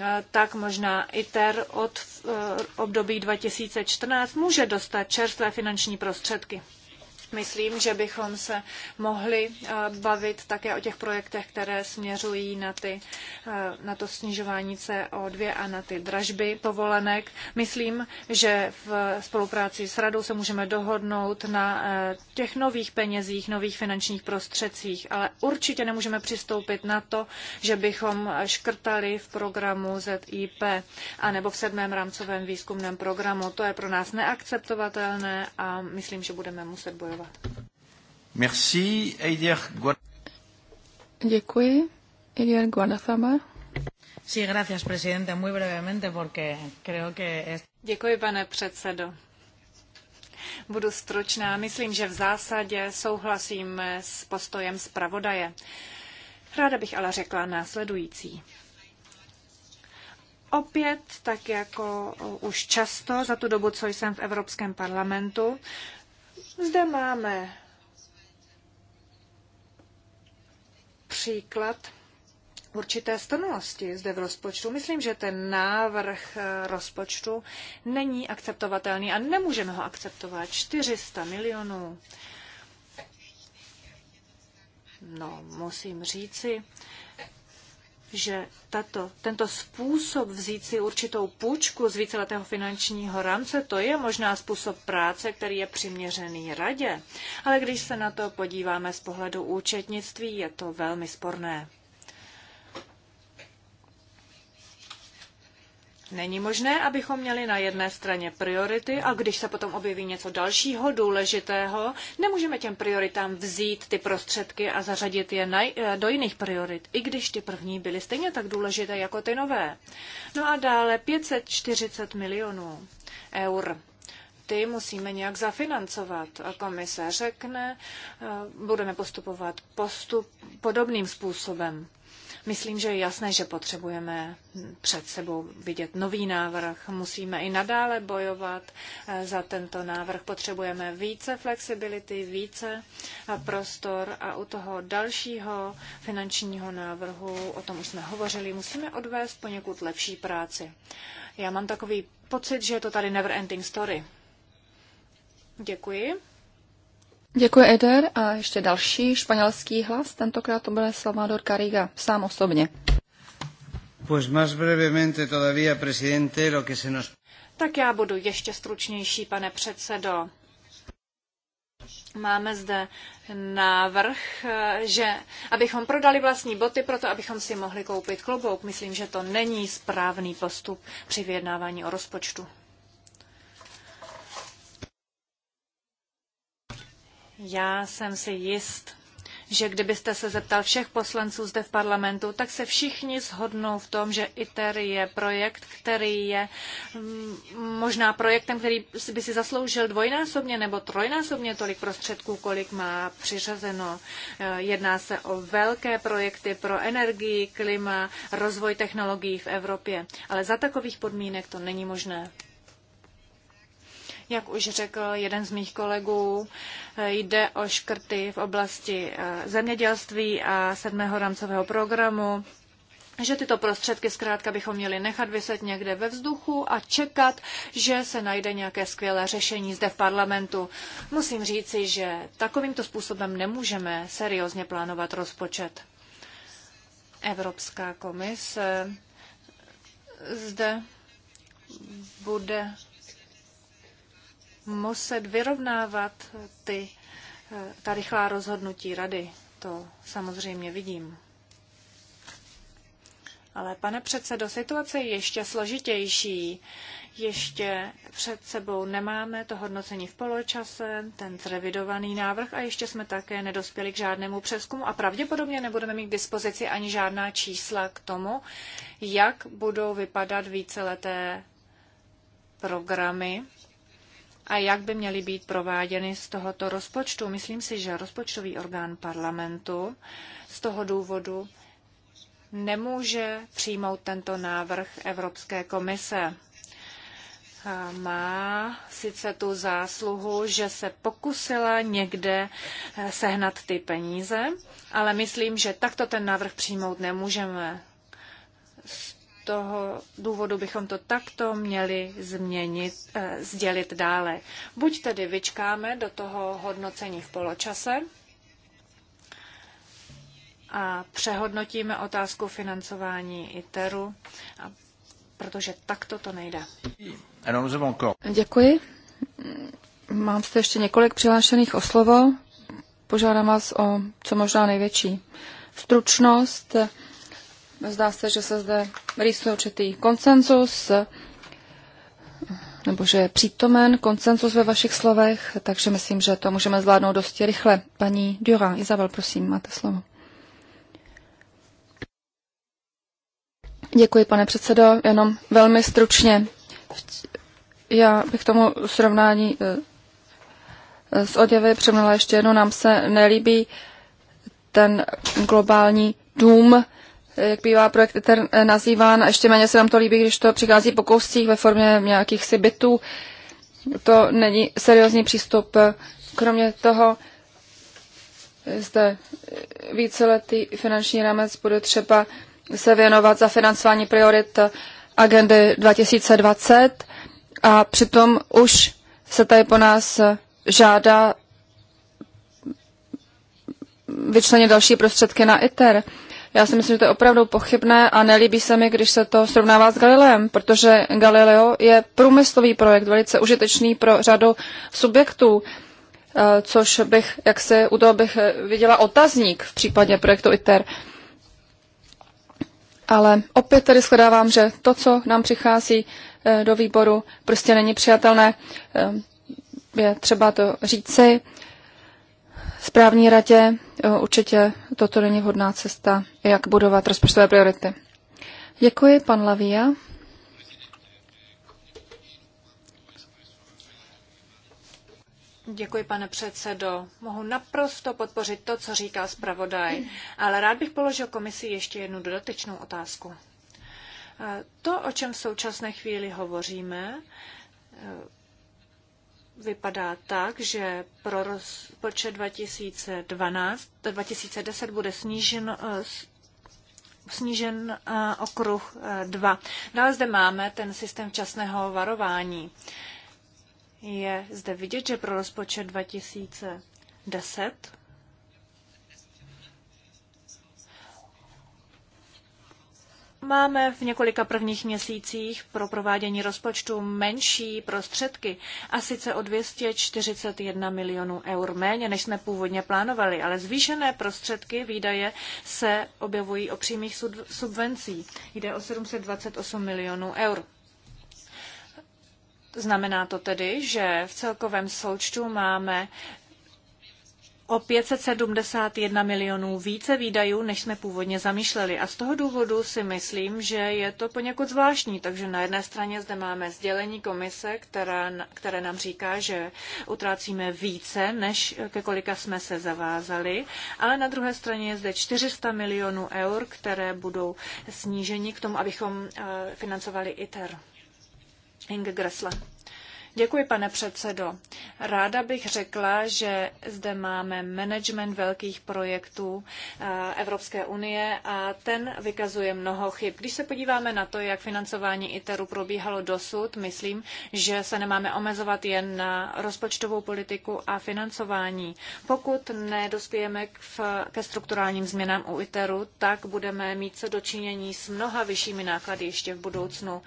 Speaker 1: eh, tak možná ITER od eh, období 2014 může dostat čerstvé finanční prostředky myslím, že bychom se mohli eh, bavit také o těch projektech, které směřují na, ty, eh, na to snižování CO2 a na ty dražby povolenek. Myslím, že v spolupráci s radou se můžeme dohodnout na eh, těch nových penězích, nových finančních prostředcích, ale určitě nemůžeme přistoupit na to, že bychom škrtali v programu ZIP anebo v sedmém rámcovém výzkumném programu. To je pro nás neakceptovatelné a myslím, že budeme muset bojovat Merci, Eider
Speaker 2: Děkuji, Eider
Speaker 1: Sí, gracias, presidente. Muy brevemente, porque
Speaker 3: creo que...
Speaker 1: Děkuji, pane předsedo. Budu stručná. Myslím, že v zásadě souhlasím s postojem zpravodaje. Ráda bych ale řekla následující. Opět, tak jako už často za tu dobu, co jsem v Evropském parlamentu, zde máme příklad určité strnulosti zde v rozpočtu. Myslím, že ten návrh eh, rozpočtu není akceptovatelný a nemůžeme ho akceptovat. 400 milionů. No, musím říci, že tato, tento způsob vzít si určitou půjčku z víceletého finančního rámce, to je možná způsob práce, který je přiměřený radě. Ale když se na to podíváme z pohledu účetnictví, je to velmi sporné. Není možné, abychom měli na jedné straně priority a když se potom objeví něco dalšího důležitého, nemůžeme těm prioritám vzít ty prostředky a zařadit je na, eh, do jiných priorit, i když ty první byly stejně tak důležité jako ty nové. No a dále 540 milionů eur ty musíme nějak zafinancovat. A komise řekne, eh, budeme postupovat postup, podobným způsobem. Myslím, že je jasné, že potřebujeme před sebou vidět nový návrh. Musíme i nadále bojovat eh, za tento návrh. Potřebujeme více flexibility, více eh, prostor a u toho dalšího finančního návrhu, o tom už jsme hovořili, musíme odvést poněkud lepší práci. Já mám takový pocit, že je to tady never ending story. Děkuji.
Speaker 2: Děkuji, Eder. A ještě další španělský hlas, tentokrát to byl Salvador Cariga, sám osobně.
Speaker 1: Pues más brevemente todavía, presidente, lo que se nos... Tak já budu ještě stručnější, pane předsedo. Máme zde návrh, že abychom prodali vlastní boty, proto abychom si mohli koupit klobouk. Myslím, že to není správný postup při vyjednávání o rozpočtu. Já jsem si jist, že kdybyste se zeptal všech poslanců zde v parlamentu, tak se všichni shodnou v tom, že ITER je projekt, který je mm, možná projektem, který by si zasloužil dvojnásobně nebo trojnásobně tolik prostředků, kolik má přiřazeno. Eh, jedná se o velké projekty pro energii, klima, rozvoj technologií v Evropě. Ale za takových podmínek to není možné. Jak už řekl jeden z mých kolegů, jde o škrty v oblasti eh, zemědělství a sedmého rámcového programu že tyto prostředky zkrátka bychom měli nechat vyset někde ve vzduchu a čekat, že se najde nějaké skvělé řešení zde v parlamentu. Musím říci, že takovýmto způsobem nemůžeme seriózně plánovat rozpočet. Evropská komise zde bude muset vyrovnávat ty, ta rychlá rozhodnutí rady. To samozřejmě vidím. Ale pane předsedo, situace je ještě složitější. Ještě před sebou nemáme to hodnocení v poločase, ten zrevidovaný návrh a ještě jsme také nedospěli k žádnému přeskumu a pravděpodobně nebudeme mít k dispozici ani žádná čísla k tomu, jak budou vypadat víceleté programy a jak by měly být prováděny z tohoto rozpočtu. Myslím si, že rozpočtový orgán parlamentu z toho důvodu nemůže přijmout tento návrh Evropské komise. Má sice tu zásluhu, že se pokusila někde eh, sehnat ty peníze, ale myslím, že takto ten návrh přijmout nemůžeme toho důvodu bychom to takto měli změnit, eh, sdělit dále. Buď tedy vyčkáme do toho hodnocení v poločase a přehodnotíme otázku financování ITERu, protože takto to nejde.
Speaker 2: Děkuji. Mám zde ještě několik přihlášených o slovo. Požádám vás o co možná největší stručnost. Zdá se, že se zde rýsuje určitý konsenzus, nebo že je přítomen konsenzus ve vašich slovech, takže myslím, že to můžeme zvládnout dosti rychle. Paní Dura, Izabel, prosím, máte slovo. Děkuji, pane předsedo. Jenom velmi stručně. Já bych tomu srovnání s eh, eh, oděvy přemlila ještě jednou. Nám se nelíbí ten globální dům, jak bývá projekt Ether eh, nazýván, a ještě méně se nám to líbí, když to přichází po kouscích ve formě nějakých si bytů. To není seriózní přístup. Kromě toho eh, zde eh, víceletý finanční rámec bude třeba se věnovat za financování priorit agendy 2020 a přitom už se tady po nás žádá vyčlenit další prostředky na ITER. Já si myslím, že to je opravdu pochybné a nelíbí se mi, když se to srovnává s Galileem, protože Galileo je průmyslový projekt, velice užitečný pro řadu subjektů, eh, což bych, jak se u toho bych eh, viděla otazník v případě projektu ITER. Ale opět tedy shledávám, že to, co nám přichází eh, do výboru, prostě není přijatelné. Je třeba to říci správní radě. Eh, určitě toto není vhodná cesta, jak budovat rozpočtové priority. Děkuji, pan Lavia.
Speaker 1: Děkuji, pane předsedo. Mohu naprosto podpořit to, co říká zpravodaj, ale rád bych položil komisi ještě jednu dodatečnou otázku. Eh, to, o čem v současné chvíli hovoříme, eh, vypadá tak, že pro rozpočet 2012, 2010 bude snížen, eh, snížen eh, okruh 2. Eh, Dále zde máme ten systém včasného varování. Je zde vidět, že pro rozpočet 2010 Máme v několika prvních měsících pro provádění rozpočtu menší prostředky, a sice o 241 milionů eur méně, než jsme původně plánovali, ale zvýšené prostředky výdaje se objevují o přímých subvencí. Jde o 728 milionů eur. Znamená to tedy, že v celkovém součtu máme o 571 milionů více výdajů, než jsme původně zamýšleli. A z toho důvodu si myslím, že je to poněkud zvláštní. Takže na jedné straně zde máme sdělení komise, která, které nám říká, že utrácíme více, než ke kolika jsme se zavázali, ale na druhé straně je zde 400 milionů eur, které budou sníženi k tomu, abychom eh, financovali ITER. Inge Gressler. Děkuji, pane předsedo. Ráda bych řekla, že zde máme management velkých projektů eh, Evropské unie a ten vykazuje mnoho chyb. Když se podíváme na to, jak financování ITERu probíhalo dosud, myslím, že se nemáme omezovat jen na rozpočtovou politiku a financování. Pokud nedospějeme ke strukturálním změnám u ITERu, tak budeme mít co dočinění s mnoha vyššími náklady ještě v budoucnu.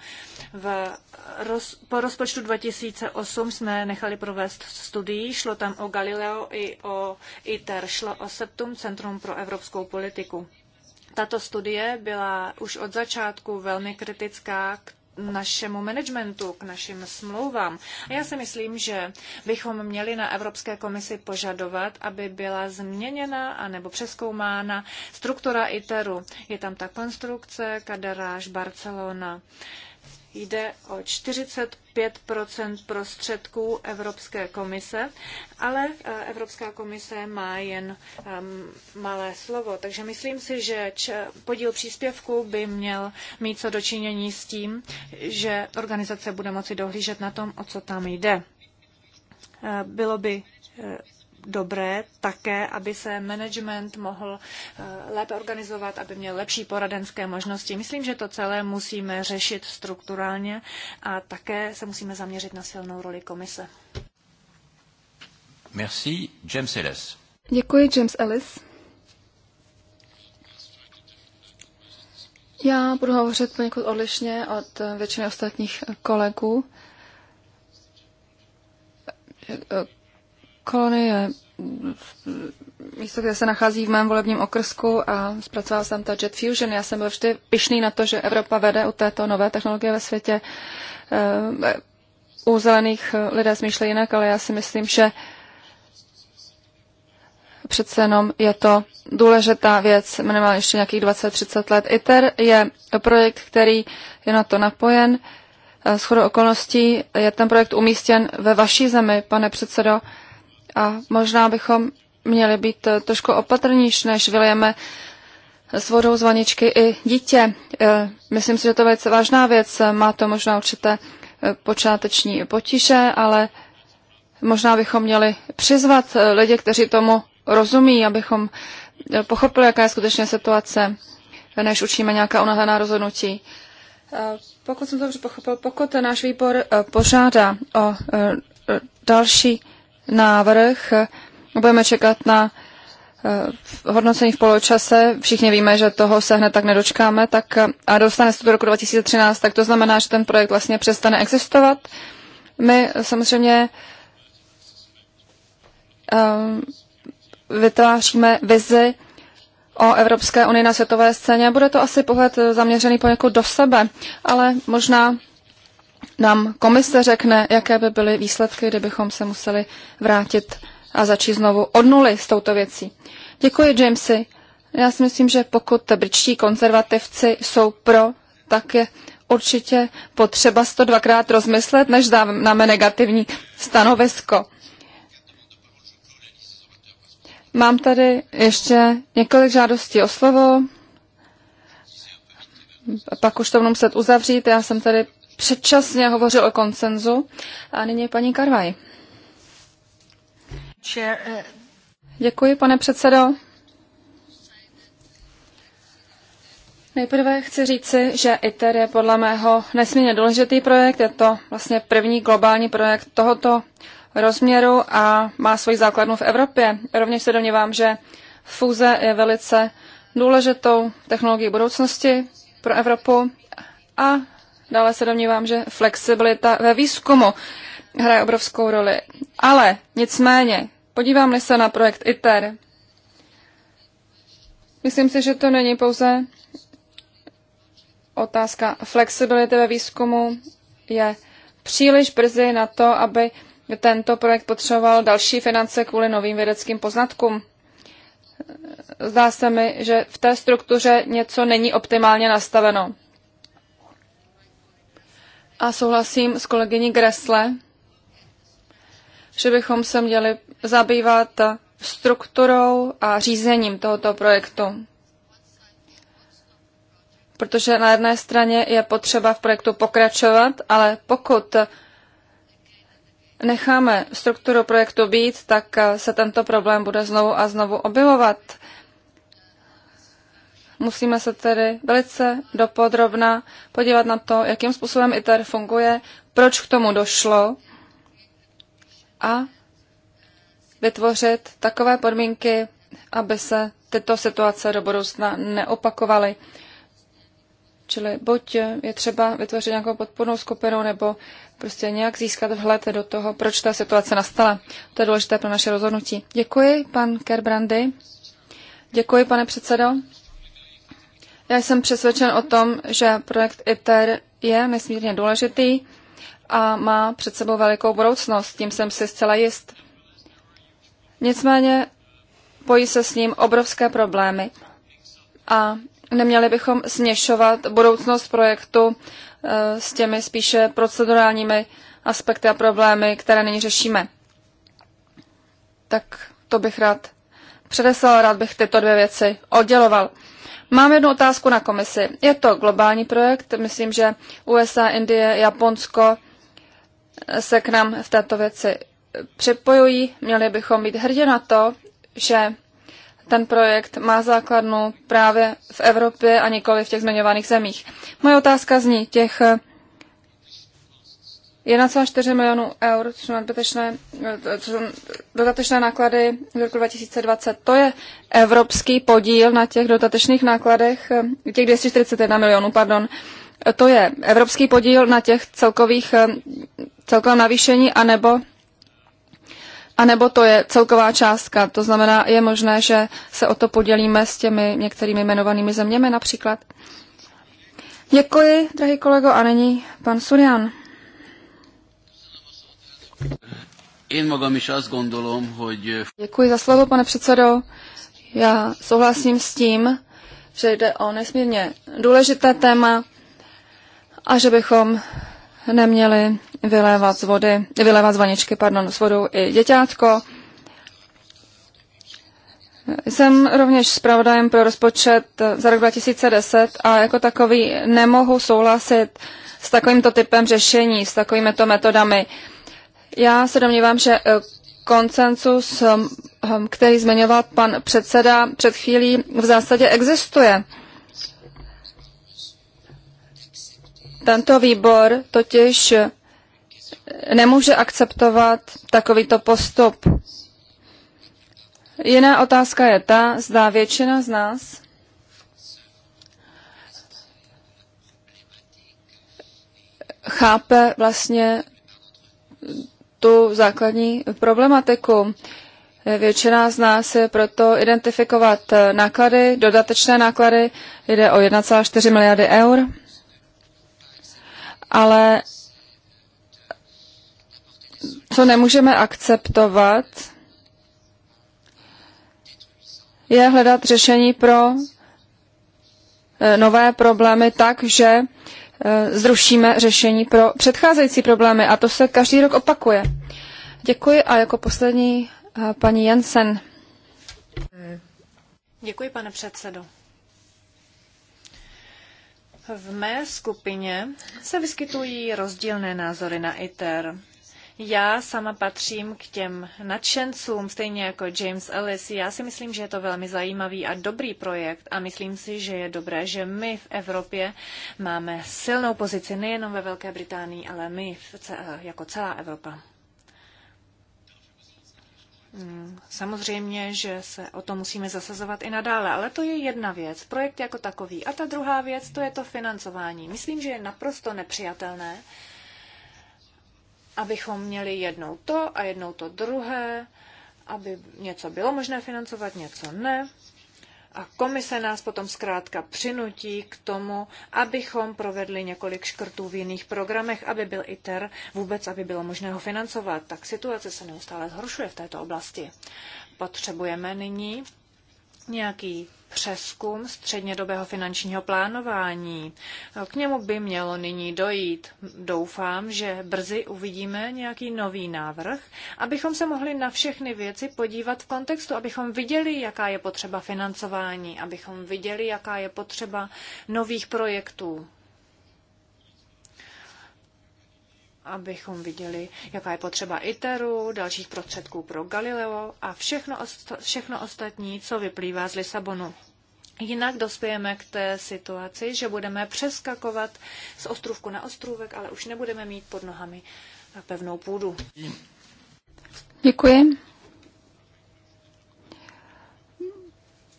Speaker 1: V eh, roz, po rozpočtu 2000 2008 jsme nechali provést studii, šlo tam o Galileo i o ITER, šlo o Septum Centrum pro evropskou politiku. Tato studie byla už od začátku velmi kritická k našemu managementu, k našim smlouvám. A já si myslím, že bychom měli na Evropské komisi požadovat, aby byla změněna anebo přeskoumána struktura ITERu. Je tam ta konstrukce, Kaderáž, Barcelona jde o 45 prostředků Evropské komise, ale eh, Evropská komise má jen ehm, malé slovo. Takže myslím si, že podíl příspěvku by měl mít co dočinění s tím, že organizace bude moci dohlížet na tom, o co tam jde. Eh, bylo by eh, dobré také, aby se management mohl eh, lépe organizovat, aby měl lepší poradenské možnosti. Myslím, že to celé musíme řešit strukturálně a také se musíme zaměřit na silnou roli komise. Merci, James Ellis. Děkuji, James Ellis.
Speaker 2: Já budu hovořit poněkud odlišně od většiny ostatních kolegů kolonie místo, kde se nachází v mém volebním okrsku a zpracoval jsem ta Jet Fusion. Já jsem byl vždy pišný na to, že Evropa vede u této nové technologie ve světě. Eh, u zelených eh, lidé smýšlejí jinak, ale já si myslím, že přece jenom je to důležitá věc, minimálně ještě nějakých 20-30 let. ITER je projekt, který je na to napojen. Eh, S okolností je ten projekt umístěn ve vaší zemi, pane předsedo a možná bychom měli být eh, trošku opatrnější, než vylijeme s vodou z vaničky i dítě. Eh, myslím si, že to je velice vážná věc. Má to možná určité eh, počáteční potíže, ale možná bychom měli přizvat lidi, kteří tomu rozumí, abychom pochopili, jaká je skutečně situace, než učíme nějaká unavená rozhodnutí. Pokud jsem to dobře pochopil, pokud náš výbor požádá o další návrh. Budeme čekat na eh, hodnocení v poločase. Všichni víme, že toho se hned tak nedočkáme. Tak eh, a dostane se to do roku 2013, tak to znamená, že ten projekt vlastně přestane existovat. My samozřejmě eh, vytváříme vizi o Evropské unii na světové scéně. Bude to asi pohled zaměřený poněkud do sebe, ale možná nám komise řekne, jaké by byly výsledky, kdybychom se museli vrátit a začít znovu od nuly s touto věcí. Děkuji, Jamesy. Já si myslím, že pokud britští konzervativci jsou pro, tak je určitě potřeba si to dvakrát rozmyslet, než dáme negativní stanovisko. Mám tady ještě několik žádostí o slovo. Pak už to budu muset uzavřít. Já jsem tady předčasně hovořil o konsenzu. A nyní je paní Karvaj. Eh, Děkuji, pane předsedo. Nejprve chci říci, že ITER je podle mého nesmírně důležitý projekt. Je to vlastně první globální projekt tohoto rozměru a má svoji základnu v Evropě. Rovněž se domnívám, že fúze je velice důležitou technologií budoucnosti pro Evropu a Dále se domnívám, že flexibilita ve výzkumu hraje obrovskou roli. Ale nicméně, podívám-li se na projekt ITER, myslím si, že to není pouze otázka flexibility ve výzkumu. Je příliš brzy na to, aby tento projekt potřeboval další finance kvůli novým vědeckým poznatkům. Zdá se mi, že v té struktuře něco není optimálně nastaveno a souhlasím s kolegyní Gresle, že bychom se měli zabývat strukturou a řízením tohoto projektu. Protože na jedné straně je potřeba v projektu pokračovat, ale pokud necháme strukturu projektu být, tak se tento problém bude znovu a znovu objevovat. Musíme se tedy velice dopodrobna podívat na to, jakým způsobem ITER funguje, proč k tomu došlo a vytvořit takové podmínky, aby se tyto situace do budoucna neopakovaly. Čili buď je třeba vytvořit nějakou podpornou skupinu, nebo prostě nějak získat vhled do toho, proč ta situace nastala. To je důležité pro naše rozhodnutí. Děkuji, pan Kerbrandy. Děkuji, pane předsedo. Já jsem přesvědčen o tom, že projekt ITER je nesmírně důležitý a má před sebou velikou budoucnost, tím jsem si zcela jist. Nicméně pojí se s ním obrovské problémy a neměli bychom směšovat budoucnost projektu eh, s těmi spíše procedurálními aspekty a problémy, které nyní řešíme. Tak to bych rád předeslal, rád bych tyto dvě věci odděloval. Mám jednu otázku na komisi. Je to globální projekt, myslím, že USA, Indie, Japonsko se k nám v této věci připojují. Měli bychom být hrdě na to, že ten projekt má základnu právě v Evropě a nikoli v těch zmiňovaných zemích. Moje otázka zní těch 1,4 milionů eur, což jsou nadbytečné, eh, co jsou dodatečné náklady do roku 2020. To je evropský podíl na těch dodatečných nákladech, eh, těch 241 milionů, pardon. To je evropský podíl na těch celkových, eh, celkovém navýšení, anebo a nebo to je celková částka, to znamená, je možné, že se o to podělíme s těmi některými jmenovanými zeměmi například. Děkuji, drahý kolego, a není pan Surian. Děkuji za slovo, pane předsedo. Já souhlasím s tím, že jde o nesmírně důležité téma a že bychom neměli vylévat z vody, vylévat z vaničky, pardon, s vodou i děťátko. Jsem rovněž zpravodajem pro rozpočet za rok 2010 a jako takový nemohu souhlasit s takovýmto typem řešení, s takovými to metodami. Já se domnívám, že eh, koncensus, hm, hm, který zmiňoval pan předseda před chvílí, v zásadě existuje. Tento výbor totiž eh, nemůže akceptovat takovýto postup. Jiná otázka je ta, zda většina z nás chápe vlastně tu základní problematiku. Většina z nás je proto identifikovat náklady, dodatečné náklady, jde o 1,4 miliardy eur, ale co nemůžeme akceptovat, je hledat řešení pro eh, nové problémy tak, že Eh, zrušíme řešení pro předcházející problémy a to se každý rok opakuje. Děkuji a jako poslední eh, paní Jensen.
Speaker 1: Děkuji, pane předsedo. V mé skupině se vyskytují rozdílné názory na ITER. Já sama patřím k těm nadšencům, stejně jako James Ellis. Já si myslím, že je to velmi zajímavý a dobrý projekt a myslím si, že je dobré, že my v Evropě máme silnou pozici nejenom ve Velké Británii, ale my jako celá Evropa. Hmm, samozřejmě, že se o to musíme zasazovat i nadále, ale to je jedna věc, projekt jako takový. A ta druhá věc, to je to financování. Myslím, že je naprosto nepřijatelné, abychom měli jednou to a jednou to druhé, aby něco bylo možné financovat, něco ne. A komise nás potom zkrátka přinutí k tomu, abychom provedli několik škrtů v jiných programech, aby byl ITER vůbec, aby bylo možné ho financovat. Tak situace se neustále zhoršuje v této oblasti. Potřebujeme nyní nějaký přeskum střednědobého finančního plánování. K němu by mělo nyní dojít. Doufám, že brzy uvidíme nějaký nový návrh, abychom se mohli na všechny věci podívat v kontextu, abychom viděli, jaká je potřeba financování, abychom viděli, jaká je potřeba nových projektů. abychom viděli, jaká je potřeba ITERu, dalších prostředků pro Galileo a všechno, všechno ostatní, co vyplývá z Lisabonu. Jinak dospějeme k té situaci, že budeme přeskakovat z ostrůvku na ostrůvek, ale už nebudeme mít pod nohami pevnou půdu.
Speaker 2: Děkuji.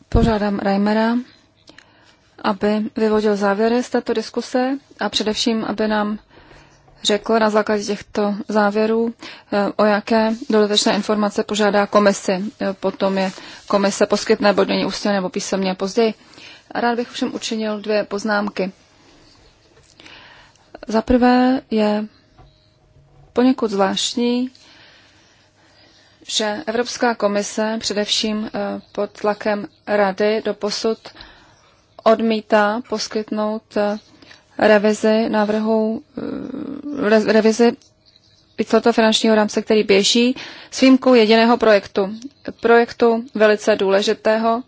Speaker 2: Požádám Reimera, aby vyvodil závěry z této diskuse a především, aby nám řekl na základě těchto závěrů, eh, o jaké dodatečné informace požádá komisi. Eh, potom je komise poskytne buď není ústně nebo písemně později. Rád bych všem učinil dvě poznámky. Za prvé je poněkud zvláštní, že Evropská komise především eh, pod tlakem Rady do posud odmítá poskytnout revizi návrhu, eh, revizi víceletého finančního rámce, který běží, s výjimkou jediného projektu. Projektu velice důležitého,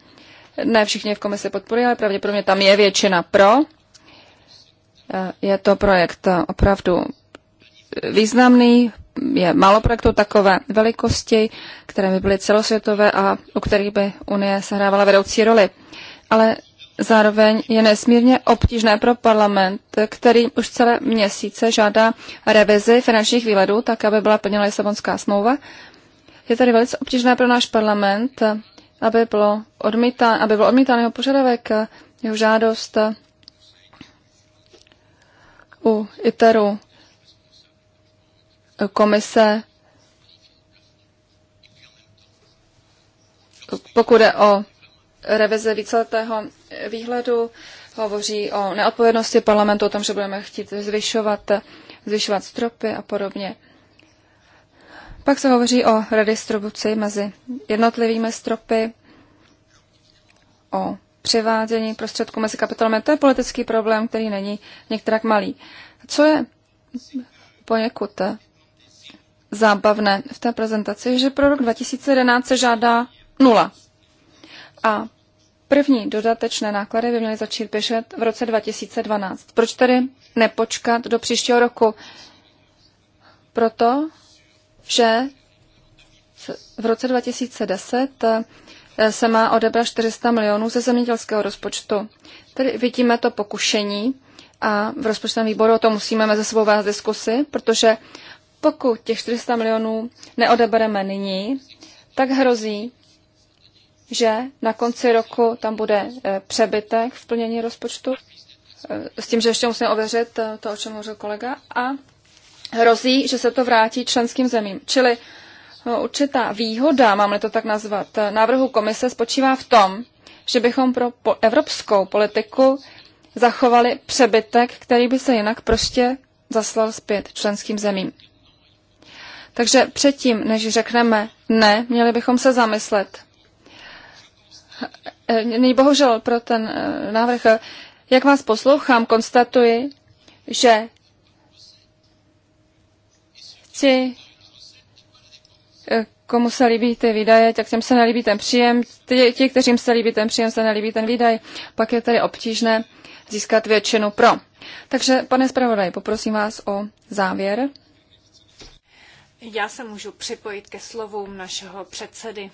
Speaker 2: ne všichni v komisi podporují, ale pravděpodobně tam je většina pro. Eh, je to projekt eh, opravdu významný, je málo projektů takové velikosti, které by byly celosvětové a u kterých by Unie sehrávala vedoucí roli. Ale Zároveň je nesmírně obtížné pro parlament, který už celé měsíce žádá revizi finančních výhledů, tak aby byla plněna Lisabonská smlouva. Je tady velice obtížné pro náš parlament, aby, bylo odmítán, aby byl odmítán jeho požadavek, jeho žádost u ITERu komise, pokud je o revize víceletého výhledu hovoří o neodpovědnosti parlamentu, o tom, že budeme chtít zvyšovat, zvyšovat stropy a podobně. Pak se hovoří o redistribuci mezi jednotlivými stropy, o převádění prostředků mezi kapitolami. To je politický problém, který není některak malý. Co je poněkud zábavné v té prezentaci, že pro rok 2011 se žádá nula. A První dodatečné náklady by měly začít běžet v roce 2012. Proč tedy nepočkat do příštího roku? Proto, že v roce 2010 eh, se má odebrat 400 milionů ze zemědělského rozpočtu. Tedy vidíme to pokušení a v rozpočtovém výboru o tom musíme mezi sebou vás diskusy, protože pokud těch 400 milionů neodebereme nyní, tak hrozí, že na konci roku tam bude eh, přebytek v plnění rozpočtu, eh, s tím, že ještě musím ověřit eh, to, o čem mluvil kolega, a hrozí, že se to vrátí členským zemím. Čili určitá výhoda, mám-li to tak nazvat, návrhu komise spočívá v tom, že bychom pro evropskou politiku zachovali přebytek, který by se jinak prostě zaslal zpět členským zemím. Takže předtím, než řekneme ne, měli bychom se zamyslet, Eh, nyní bohužel pro ten eh, návrh, eh, jak vás poslouchám, konstatuji, že ti, komu se líbí ty výdaje, tak těm se nelíbí ten příjem, ti, ti, kteřím se líbí ten příjem, se nelíbí ten výdaj, pak je tady obtížné získat většinu pro. Takže, pane zpravodaj, poprosím vás o závěr.
Speaker 1: Já se můžu připojit ke slovům našeho předsedy.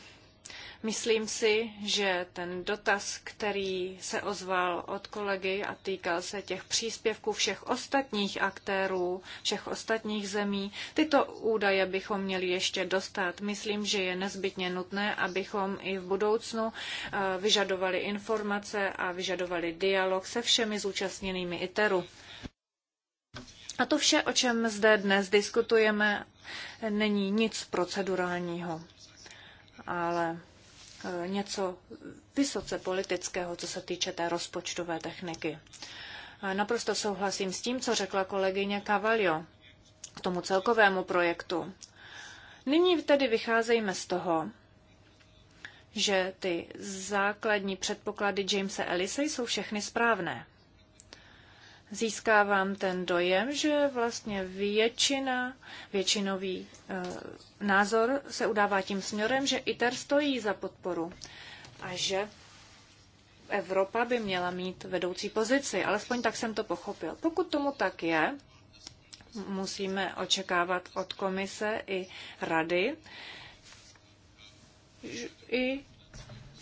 Speaker 1: Myslím si, že ten dotaz, který se ozval od kolegy a týkal se těch příspěvků všech ostatních aktérů, všech ostatních zemí, tyto údaje bychom měli ještě dostat. Myslím, že je nezbytně nutné, abychom i v budoucnu eh, vyžadovali informace a vyžadovali dialog se všemi zúčastněnými ITERu. A to vše, o čem zde dnes diskutujeme, není nic procedurálního. Ale Eh, něco vysoce politického, co se týče té rozpočtové techniky. Naprosto souhlasím s tím, co řekla kolegyně Cavalio k tomu celkovému projektu. Nyní tedy vycházejme z toho, že ty základní předpoklady Jamesa Ellisa jsou všechny správné získávám ten dojem, že vlastně většina, většinový e, názor se udává tím směrem, že ITER stojí za podporu a že Evropa by měla mít vedoucí pozici. Alespoň tak jsem to pochopil. Pokud tomu tak je, musíme očekávat od komise i rady, i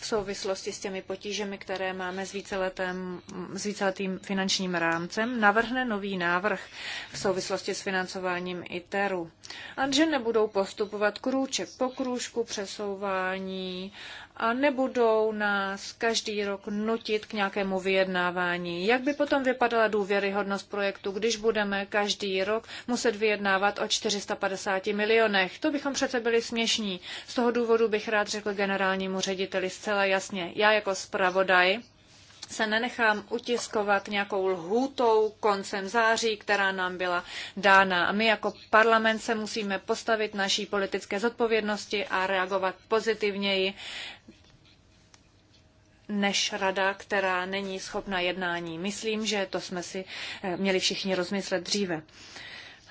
Speaker 1: v souvislosti s těmi potížemi, které máme s, víceletém, s víceletým finančním rámcem, navrhne nový návrh v souvislosti s financováním ITERu. A že nebudou postupovat krůček po krůžku přesouvání a nebudou nás každý rok nutit k nějakému vyjednávání. Jak by potom vypadala důvěryhodnost projektu, když budeme každý rok muset vyjednávat o 450 milionech? To bychom přece byli směšní. Z toho důvodu bych rád řekl generálnímu řediteli zcela jasně. Já jako zpravodaj se nenechám utiskovat nějakou lhůtou koncem září, která nám byla dána. A my jako parlament se musíme postavit naší politické zodpovědnosti a reagovat pozitivněji než rada, která není schopna jednání. Myslím, že to jsme si eh, měli všichni rozmyslet dříve.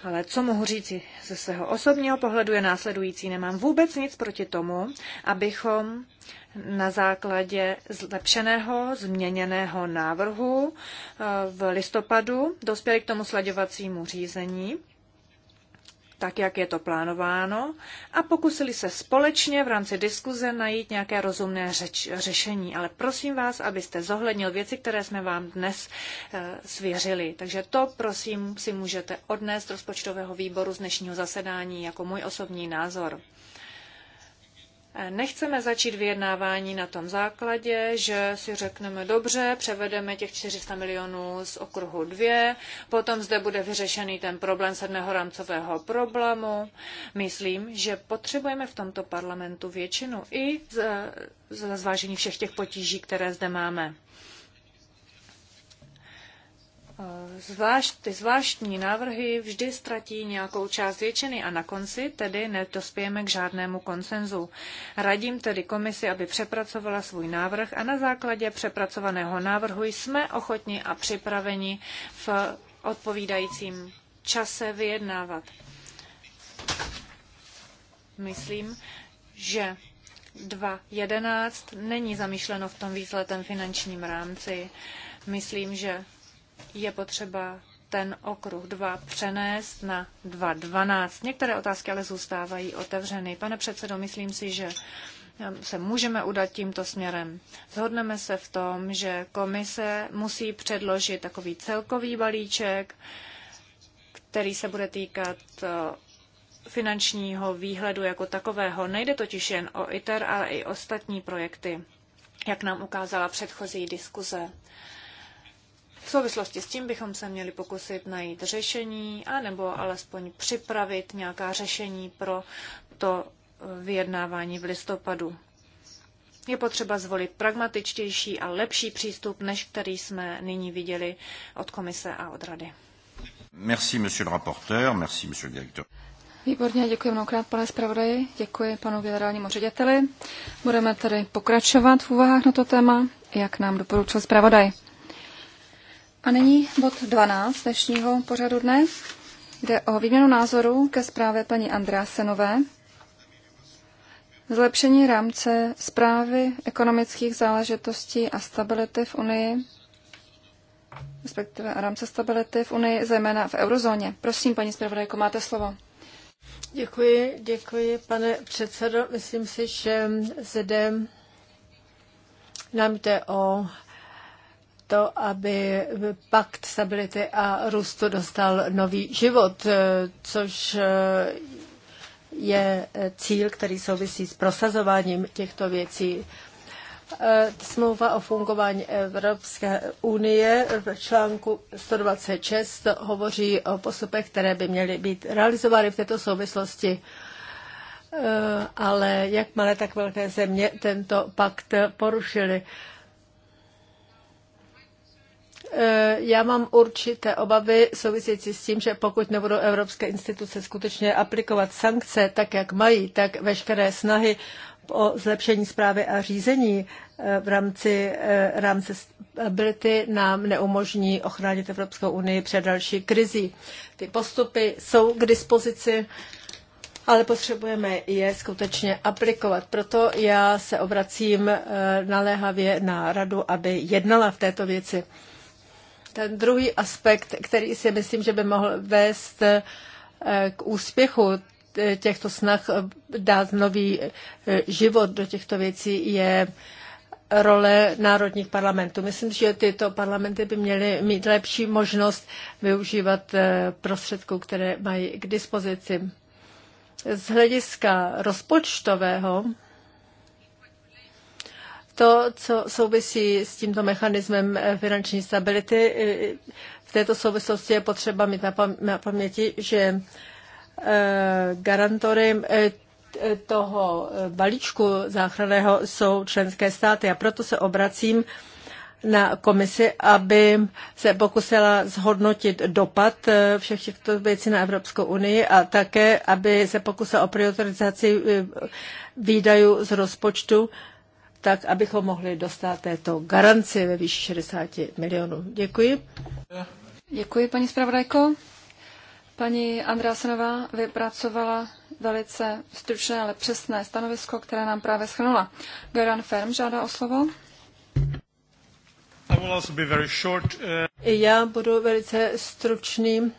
Speaker 1: Ale co mohu říci ze svého osobního pohledu je následující. Nemám vůbec nic proti tomu, abychom na základě zlepšeného, změněného návrhu eh, v listopadu dospěli k tomu sladěvacímu řízení tak, jak je to plánováno, a pokusili se společně v rámci diskuze najít nějaké rozumné řeč, řešení. Ale prosím vás, abyste zohlednil věci, které jsme vám dnes e, svěřili. Takže to, prosím, si můžete odnést rozpočtového výboru z dnešního zasedání jako můj osobní názor. Nechceme začít vyjednávání na tom základě, že si řekneme dobře, převedeme těch 400 milionů z okruhu 2, potom zde bude vyřešený ten problém sedmého rámcového problému. Myslím, že potřebujeme v tomto parlamentu většinu i za, zvážení všech těch potíží, které zde máme. Zvlášť, ty zvláštní návrhy vždy ztratí nějakou část většiny a na konci tedy nedospějeme k žádnému konsenzu. Radím tedy komisi, aby přepracovala svůj návrh a na základě přepracovaného návrhu jsme ochotni a připraveni v odpovídajícím čase vyjednávat. Myslím, že 2.11 není zamýšleno v tom výsledném finančním rámci. Myslím, že je potřeba ten okruh 2 přenést na 2.12. Některé otázky ale zůstávají otevřeny. Pane předsedo, myslím si, že ehm, se můžeme udat tímto směrem. Zhodneme se v tom, že komise musí předložit takový celkový balíček, který se bude týkat e, finančního výhledu jako takového. Nejde totiž jen o ITER, ale i ostatní projekty, jak nám ukázala předchozí diskuze. V souvislosti s tím bychom se měli pokusit najít řešení, anebo alespoň připravit nějaká řešení pro to eh, vyjednávání v listopadu. Je potřeba zvolit pragmatičtější a lepší přístup, než který jsme nyní viděli od komise a od rady. Merci, monsieur le rapporteur, merci, monsieur le directeur.
Speaker 2: Výborně, děkuji mnohokrát, pane zpravodaji, děkuji panu generálnímu řediteli. Budeme tedy pokračovat v úvahách na to téma, jak nám doporučil zpravodaj. A nyní bod 12 dnešního pořadu dne. Jde o výměnu názoru ke zprávě paní Senové, Zlepšení rámce zprávy ekonomických záležitostí a stability v Unii, respektive rámce stability v Unii, zejména v eurozóně. Prosím, paní zpravodajko, máte slovo.
Speaker 3: Děkuji, děkuji, pane předsedo. Myslím si, že zde nám jde o to, aby pakt stability a růstu dostal nový život, eh, což eh, je eh, cíl, který souvisí s prosazováním těchto věcí. Smlouva o fungování Evropské unie v článku 126 hovoří o postupech, které by měly být realizovány v této souvislosti ale jak malé, tak velké země tento pakt porušily. Eh, já mám určité obavy související s tím, že pokud nebudou evropské instituce skutečně aplikovat sankce tak, jak mají, tak veškeré snahy o zlepšení zprávy a řízení eh, v rámci eh, rámce stability nám neumožní ochránit Evropskou unii před další krizí. Ty postupy jsou k dispozici, ale potřebujeme je skutečně aplikovat. Proto já se obracím naléhavě na radu, aby jednala v této věci ten druhý aspekt, který si myslím, že by mohl vést eh, k úspěchu těchto snah eh, dát nový eh, život do těchto věcí, je role národních parlamentů. Myslím, že tyto parlamenty by měly mít lepší možnost využívat prostředků, které mají k dispozici. Z hlediska rozpočtového to, co souvisí s tímto mechanismem eh, finanční stability, eh, v této souvislosti je potřeba mít na paměti, že eh, garantory toho balíčku záchranného jsou členské státy a proto se obracím na komisi, aby se pokusila zhodnotit dopad všech těchto věcí na Evropskou unii a také, aby se pokusila o prioritizaci výdajů z rozpočtu tak abychom mohli dostat této garanci ve výši 60 milionů. Děkuji.
Speaker 2: Děkuji, paní zpravodajko. Paní Andrásenová vypracovala velice stručné, ale přesné stanovisko, které nám právě schrnula. Geran
Speaker 3: Ferm žádá o slovo. I eh, Já budu velice stručný.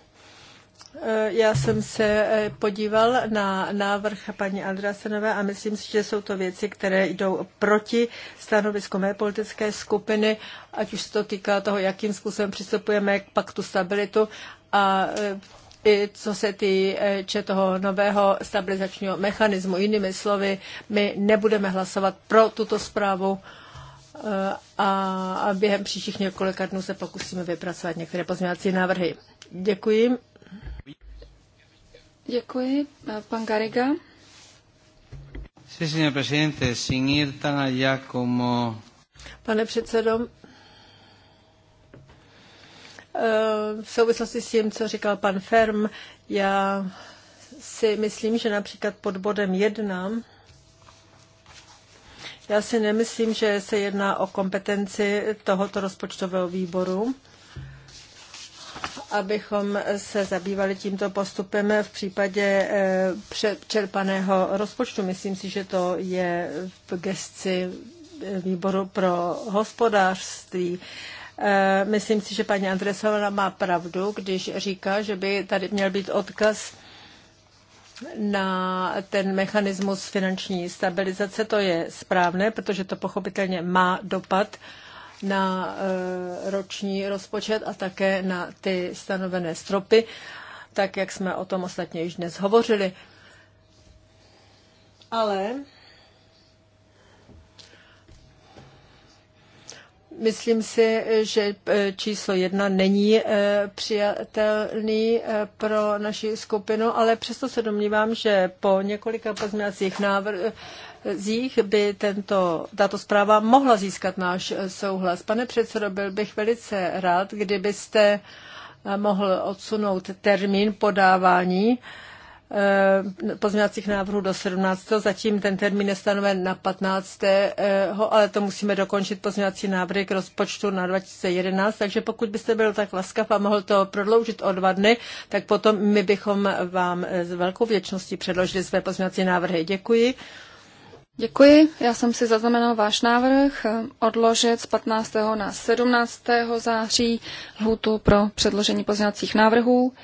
Speaker 3: Eh, já jsem se eh, podíval na návrh paní Andrasenové a myslím si, že jsou to věci, které jdou proti stanovisku mé politické skupiny, ať už se to týká toho, jakým způsobem přistupujeme k paktu stabilitu a eh, i co se týče toho nového stabilizačního mechanismu. Jinými slovy, my nebudeme hlasovat pro tuto zprávu a během příštích několika dnů se pokusíme vypracovat některé pozměňovací návrhy. Děkuji. Děkuji. Pan Gariga. Sí, señor presidente, sin ir tan allá como... Pane předsedo, eh, v souvislosti s tím, co říkal pan Ferm, já si myslím, že například pod bodem jedna, já si nemyslím, že se jedná o kompetenci tohoto rozpočtového výboru abychom se zabývali tímto postupem v případě eh, čerpaného rozpočtu. Myslím si, že to je v gesci eh, výboru pro hospodářství. Eh, myslím si, že paní Andresová má pravdu, když říká, že by tady měl být odkaz na ten mechanismus finanční stabilizace. To je správné, protože to pochopitelně má dopad na eh, roční rozpočet a také na ty stanovené stropy, tak jak jsme o tom ostatně již dnes hovořili. Ale Myslím si, že eh, číslo jedna není eh, přijatelný pro naši skupinu, ale přesto se domnívám, že po několika pozměňovacích návrh, z by tento, tato zpráva mohla získat náš souhlas. Pane předsedo, byl bych velice rád, kdybyste eh, mohl odsunout termín podávání eh, pozměňovacích návrhů do 17. Zatím ten termín je stanoven na 15. ale to musíme dokončit pozměňovací návrhy k rozpočtu na 2011, takže pokud byste byl tak laskav a mohl to prodloužit o dva dny, tak potom my bychom vám s velkou věčností předložili své pozměňovací návrhy. Děkuji. Děkuji. Já jsem si zaznamenal
Speaker 2: váš návrh eh, odložit z 15. na 17. září lhůtu pro předložení pozměňovacích návrhů. Eh,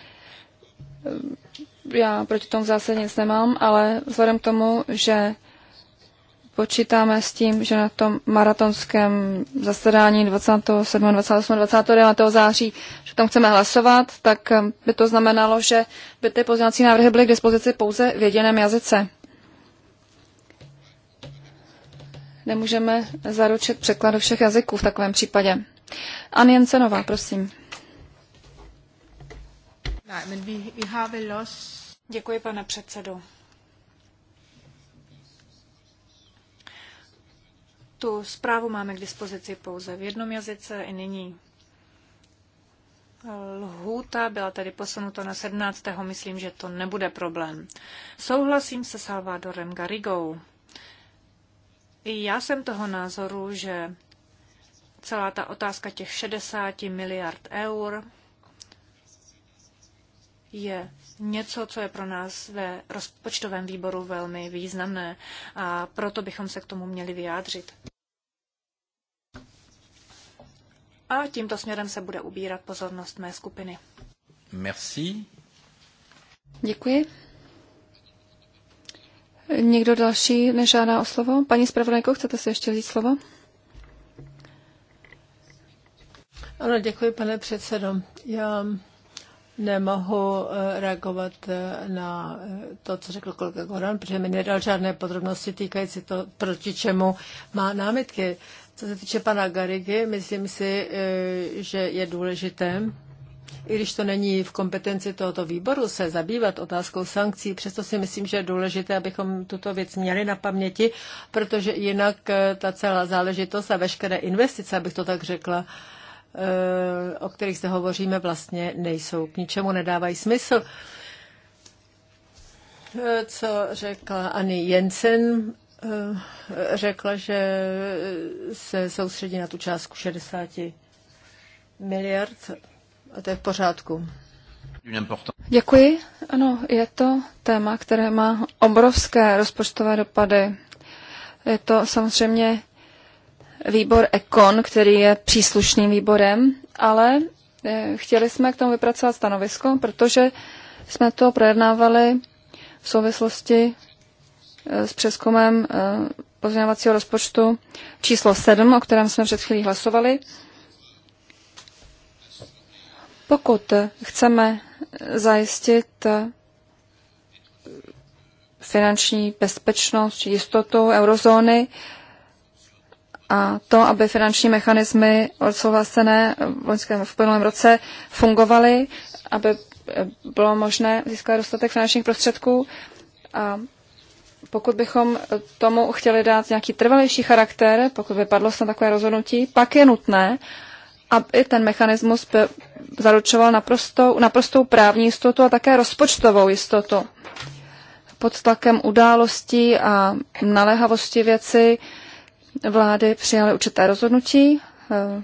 Speaker 2: já proti tomu zásadně nic nemám, ale vzhledem k tomu, že počítáme s tím, že na tom maratonském zasedání 27. 28. 29. září, že tam chceme hlasovat, tak eh, by to znamenalo, že by ty pozměňovací návrhy byly k dispozici pouze v jediném jazyce. nemůžeme zaručit překlad do všech jazyků v takovém případě. An Jensenová, prosím.
Speaker 3: Děkuji, pane
Speaker 1: předsedo. Tu zprávu máme k dispozici pouze v jednom jazyce i nyní. Lhůta byla tedy posunuta na 17. Myslím, že to nebude problém. Souhlasím se Salvadorem Garigou. I já jsem toho názoru, že celá ta otázka těch 60 miliard eur je něco, co je pro nás ve rozpočtovém výboru velmi významné a proto bychom se k tomu měli vyjádřit. A tímto směrem se bude ubírat pozornost mé skupiny. Merci. Děkuji.
Speaker 2: Někdo další nežádá o slovo? Paní zpravodajko, chcete si ještě vzít slovo?
Speaker 3: Ano, děkuji, pane předsedo. Já nemohu eh, reagovat eh, na eh, to, co řekl kolega Goran, protože mi nedal žádné podrobnosti týkající to, proti čemu má námitky. Co se týče pana Garigy, myslím si, že je důležité, i když to není v kompetenci tohoto výboru se zabývat otázkou sankcí, přesto si myslím, že je důležité, abychom tuto věc měli na paměti, protože jinak eh, ta celá záležitost a veškeré investice, abych to tak řekla, eh, o kterých se hovoříme, vlastně nejsou k ničemu, nedávají smysl. Eh, co řekla Ani Jensen, řekla, že se soustředí na tu částku 60 miliard to je v pořádku. Děkuji.
Speaker 2: Ano, je to téma, které má obrovské rozpočtové dopady. Je to samozřejmě výbor Ekon, který je příslušným výborem, ale eh, chtěli jsme k tomu vypracovat stanovisko, protože jsme to projednávali v souvislosti eh, s přeskumem eh, pozměňovacího rozpočtu číslo 7, o kterém jsme před chvílí hlasovali. Pokud chceme zajistit finanční bezpečnost, jistotu eurozóny a to, aby finanční mechanismy odsouhlasené v loňském v plném roce fungovaly, aby bylo možné získat dostatek finančních prostředků. A pokud bychom tomu chtěli dát nějaký trvalější charakter, pokud by padlo na takové rozhodnutí, pak je nutné, aby ten mechanismus zaručoval naprostou, naprostou právní jistotu a také rozpočtovou jistotu. Pod tlakem událostí a naléhavosti věci vlády přijaly určité rozhodnutí eh,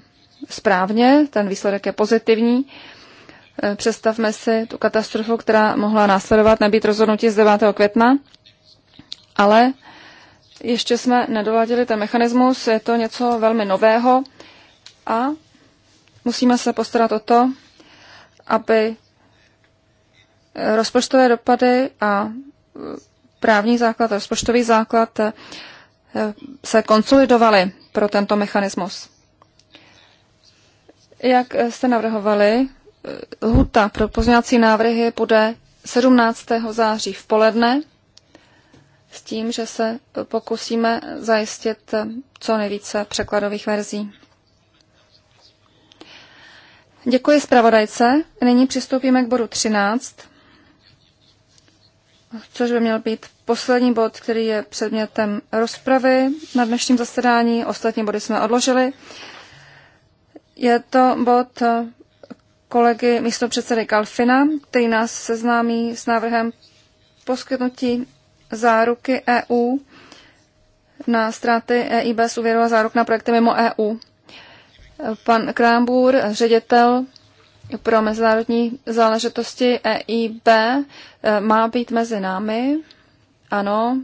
Speaker 2: správně, ten výsledek je pozitivní. Eh, představme si tu katastrofu, která mohla následovat, nebýt rozhodnutí z 9. května, ale ještě jsme nedoladili ten mechanismus, je to něco velmi nového a Musíme se postarat o to, aby eh, rozpočtové dopady a eh, právní základ, rozpočtový základ eh, se konsolidovaly pro tento mechanismus. Jak jste navrhovali, lhuta pro pozměňovací návrhy bude 17. září v poledne s tím, že se pokusíme zajistit co nejvíce překladových verzí. Děkuji zpravodajce. Nyní přistoupíme k bodu 13, což by měl být poslední bod, který je předmětem rozpravy na dnešním zasedání. Ostatní body jsme odložili. Je to bod kolegy místopředsedy Kalfina, který nás seznámí s návrhem poskytnutí záruky EU na ztráty EIB z úvěru a záruk na projekty mimo EU. Pan Krámbůr, ředitel pro mezinárodní záležitosti EIB, eh, má být mezi námi. Ano,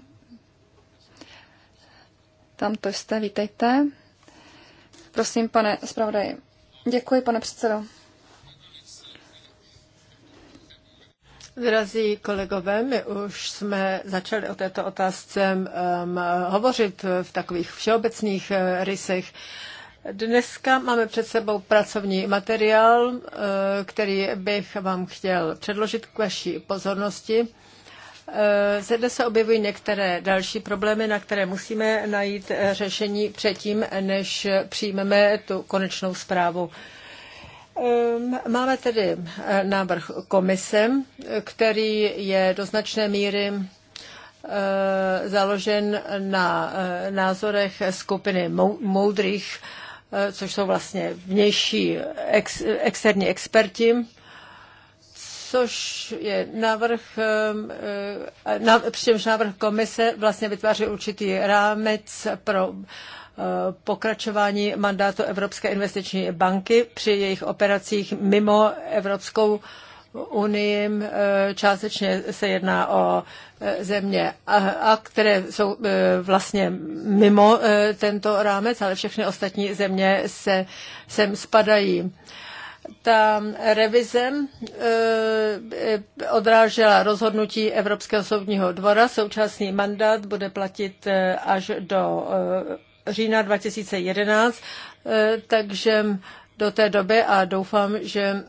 Speaker 2: tam to jste, vítejte. Prosím, pane zpravodaji. Děkuji, pane předsedo.
Speaker 3: Drazí kolegové, my už jsme začali o této otázce um, hovořit v takových všeobecných uh, rysech. Uh, Dneska máme před sebou pracovní materiál, eh, který bych vám chtěl předložit k vaší pozornosti. Eh, zde se objevují některé další problémy, na které musíme najít eh, řešení předtím, než přijmeme tu konečnou zprávu. Ehm, máme tedy návrh komise, který je do značné míry založen na názorech skupiny moudrých Eh, což jsou vlastně vnější ex, externí experti, což je návrh, eh, eh, přičemž návrh komise vlastně vytváří určitý rámec pro pokračování mandátu Evropské investiční banky při jejich operacích mimo Evropskou unii. Eh, částečně se jedná o eh, země, a, a které jsou eh, vlastně mimo tento rámec, ale všechny ostatní země se sem spadají ta revize odrážela rozhodnutí Evropského soudního dvora. Současný mandát bude platit až do října 2011, takže do té doby a doufám, že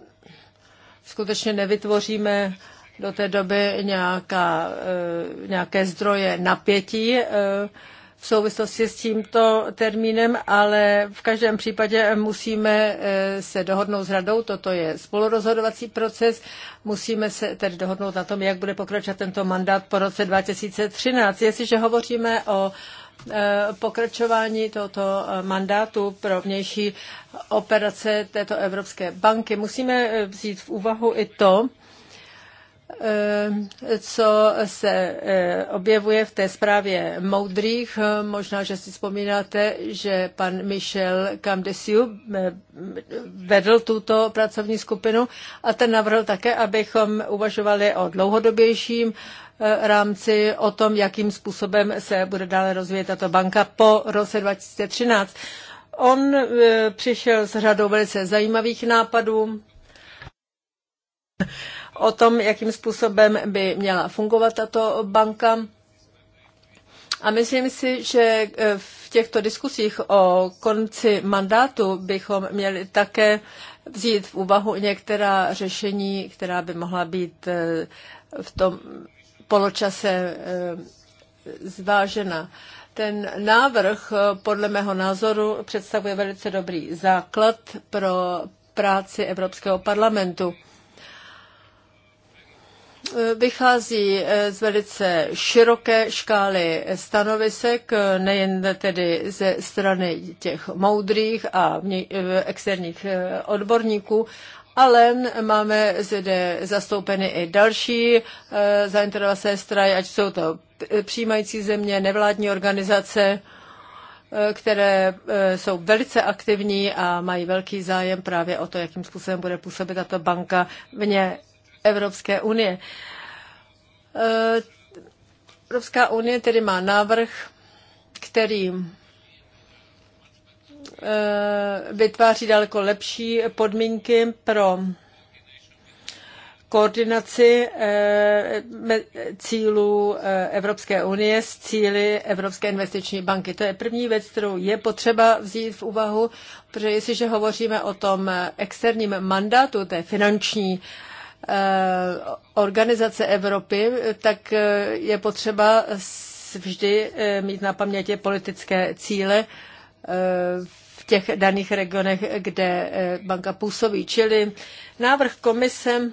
Speaker 3: skutečně nevytvoříme do té doby nějaká, eh, nějaké zdroje napětí eh, v souvislosti s tímto termínem, ale v každém případě musíme eh, se dohodnout s radou, toto je spolurozhodovací proces, musíme se tedy dohodnout na tom, jak bude pokračovat tento mandát po roce 2013. Jestliže hovoříme o Eh, pokračování tohoto eh, mandátu pro vnější operace této Evropské banky musíme eh, vzít v úvahu i to, co se objevuje v té zprávě moudrých. Možná, že si vzpomínáte, že pan Michel Camdesiu vedl tuto pracovní skupinu a ten navrhl také, abychom uvažovali o dlouhodobějším Eh, rámci o tom, jakým způsobem se bude dále rozvíjet tato banka po roce 2013. On eh, přišel s řadou velice zajímavých nápadů o tom, jakým způsobem by měla fungovat tato banka. A myslím si, že eh, v těchto diskusích o konci mandátu bychom měli také vzít v úvahu některá řešení, která by mohla být v tom poločase eh, zvážena. Ten návrh eh, podle mého názoru představuje velice dobrý základ pro práci Evropského parlamentu. Eh, vychází z velice široké škály stanovisek, nejen tedy ze strany těch moudrých a externích odborníků, ale máme zde zastoupeny i další eh, zainteresované strany, ať jsou to eh, přijímající země, nevládní organizace, eh, které jsou velice aktivní a mají velký zájem právě o to, jakým způsobem bude působit tato banka vně Evropské unie. Evropská unie tedy má návrh, který Eh, vytváří daleko lepší podmínky pro koordinaci eh, cílů eh, Evropské unie s cíly Evropské investiční banky. To je první věc, kterou je potřeba vzít v úvahu, protože jestliže hovoříme o tom externím mandátu té finanční organizace Evropy, tak je potřeba vždy mít na paměti politické cíle v těch daných regionech, kde eh, banka působí. Čili návrh komise eh,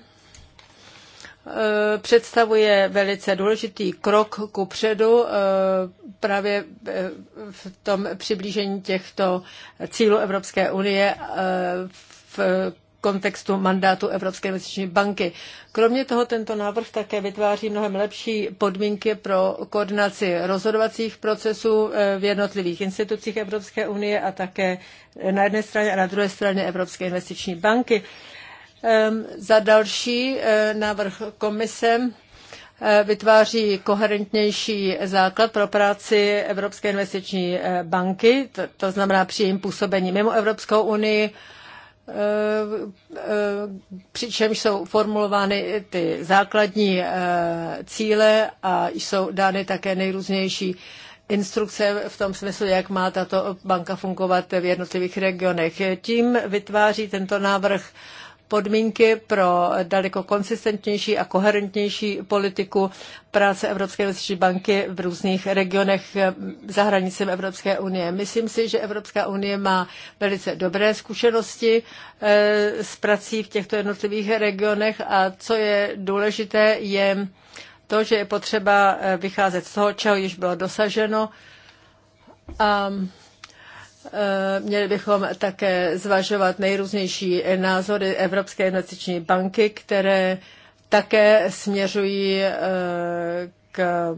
Speaker 3: představuje velice důležitý krok ku předu eh, právě v tom přiblížení těchto cílů Evropské unie v kontextu mandátu Evropské investiční banky. Kromě toho tento návrh také vytváří mnohem lepší podmínky pro koordinaci rozhodovacích procesů eh, v jednotlivých institucích Evropské unie a také na jedné straně a na druhé straně Evropské investiční banky. Ehm, za další eh, návrh komise eh, vytváří koherentnější základ pro práci Evropské investiční banky, to, to znamená při jejím působení mimo Evropskou unii Eh, eh, přičemž jsou formulovány ty základní eh, cíle a jsou dány také nejrůznější instrukce v tom smyslu, jak má tato banka fungovat v jednotlivých regionech. Tím vytváří tento návrh podmínky pro daleko konsistentnější a koherentnější politiku práce Evropské investiční banky v různých regionech za hranicem Evropské unie. Myslím si, že Evropská unie má velice dobré zkušenosti eh, s prací v těchto jednotlivých regionech a co je důležité, je to, že je potřeba eh, vycházet z toho, čeho již bylo dosaženo. Um, Eh, měli bychom také zvažovat nejrůznější názory Evropské investiční banky, které také směřují eh, k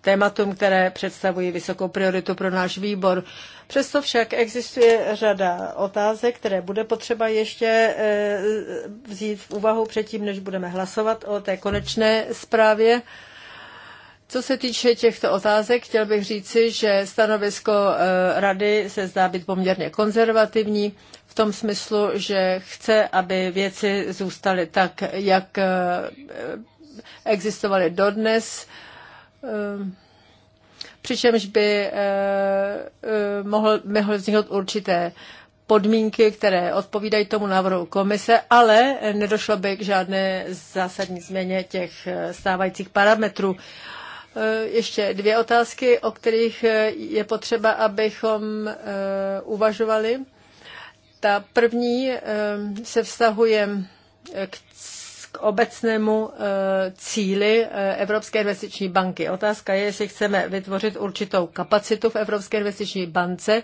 Speaker 3: tématům, které představují vysokou prioritu pro náš výbor. Přesto však existuje řada otázek, které bude potřeba ještě eh, vzít v úvahu předtím, než budeme hlasovat o té konečné zprávě. Co se týče těchto otázek, chtěl bych říci, že stanovisko eh, rady se zdá být poměrně konzervativní v tom smyslu, že chce, aby věci zůstaly tak, jak eh, existovaly dodnes, eh, přičemž by mohl, mohl vzniknout určité podmínky, které odpovídají tomu návrhu komise, ale nedošlo by k žádné zásadní změně těch stávajících parametrů. Eh, ještě dvě otázky, o kterých eh, je potřeba, abychom eh, uvažovali. Ta první se vztahuje k obecnému cíli Evropské investiční banky. Otázka je, jestli chceme vytvořit určitou kapacitu v Evropské investiční bance,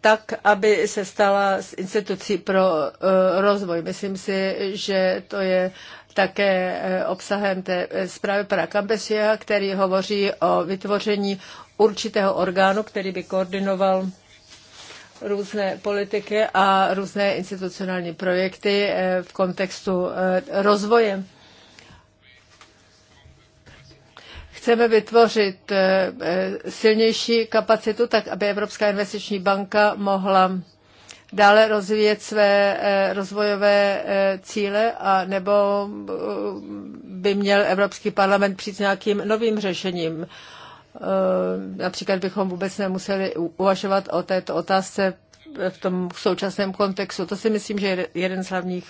Speaker 3: tak, aby se stala institucí pro rozvoj. Myslím si, že to je také eh, obsahem té eh, zprávy pana Kambesia, který hovoří o vytvoření určitého orgánu, který by koordinoval různé politiky a různé institucionální projekty eh, v kontextu rozvoje. Chceme vytvořit silnější kapacitu, tak aby Evropská investiční banka mohla dále rozvíjet své eh, rozvojové eh, cíle a nebo eh, by měl Evropský parlament přijít s nějakým novým řešením. Například bychom vůbec nemuseli uvažovat o této otázce v tom současném kontextu. To si myslím, že je jeden z hlavních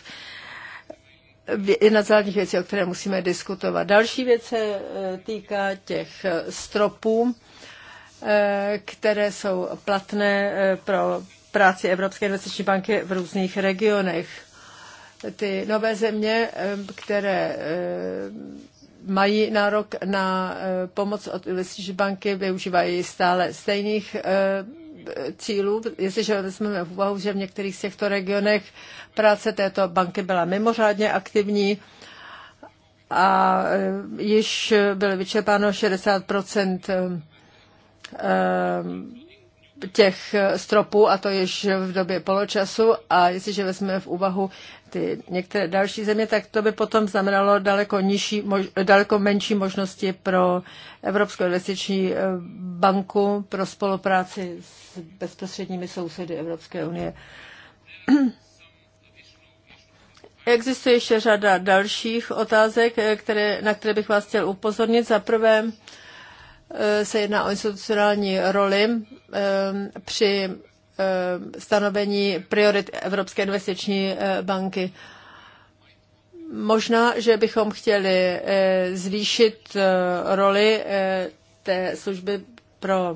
Speaker 3: jedna z hlavních věcí, o které musíme diskutovat. Další věc se týká těch stropů, které jsou platné pro práci Evropské investiční banky v různých regionech. Ty nové země, které mají nárok na eh, pomoc od investiční banky, využívají stále stejných eh, cílů, jestliže vezmeme v úvahu, že v některých z těchto regionech práce této banky byla mimořádně aktivní a eh, již bylo vyčerpáno 60 těch eh, stropů, a to již v době poločasu, a jestliže vezmeme v úvahu ty některé další země, tak to by potom znamenalo daleko, nižší, daleko menší možnosti pro Evropskou investiční eh, banku pro spolupráci s bezprostředními sousedy Evropské unie. [CLEARS THROAT] Existuje ještě řada dalších otázek, eh, které, na které bych vás chtěl upozornit. Za prvé, Eh, se jedná o institucionální roli eh, při eh, stanovení priorit Evropské investiční banky. Možná, že bychom chtěli zvýšit roli té služby pro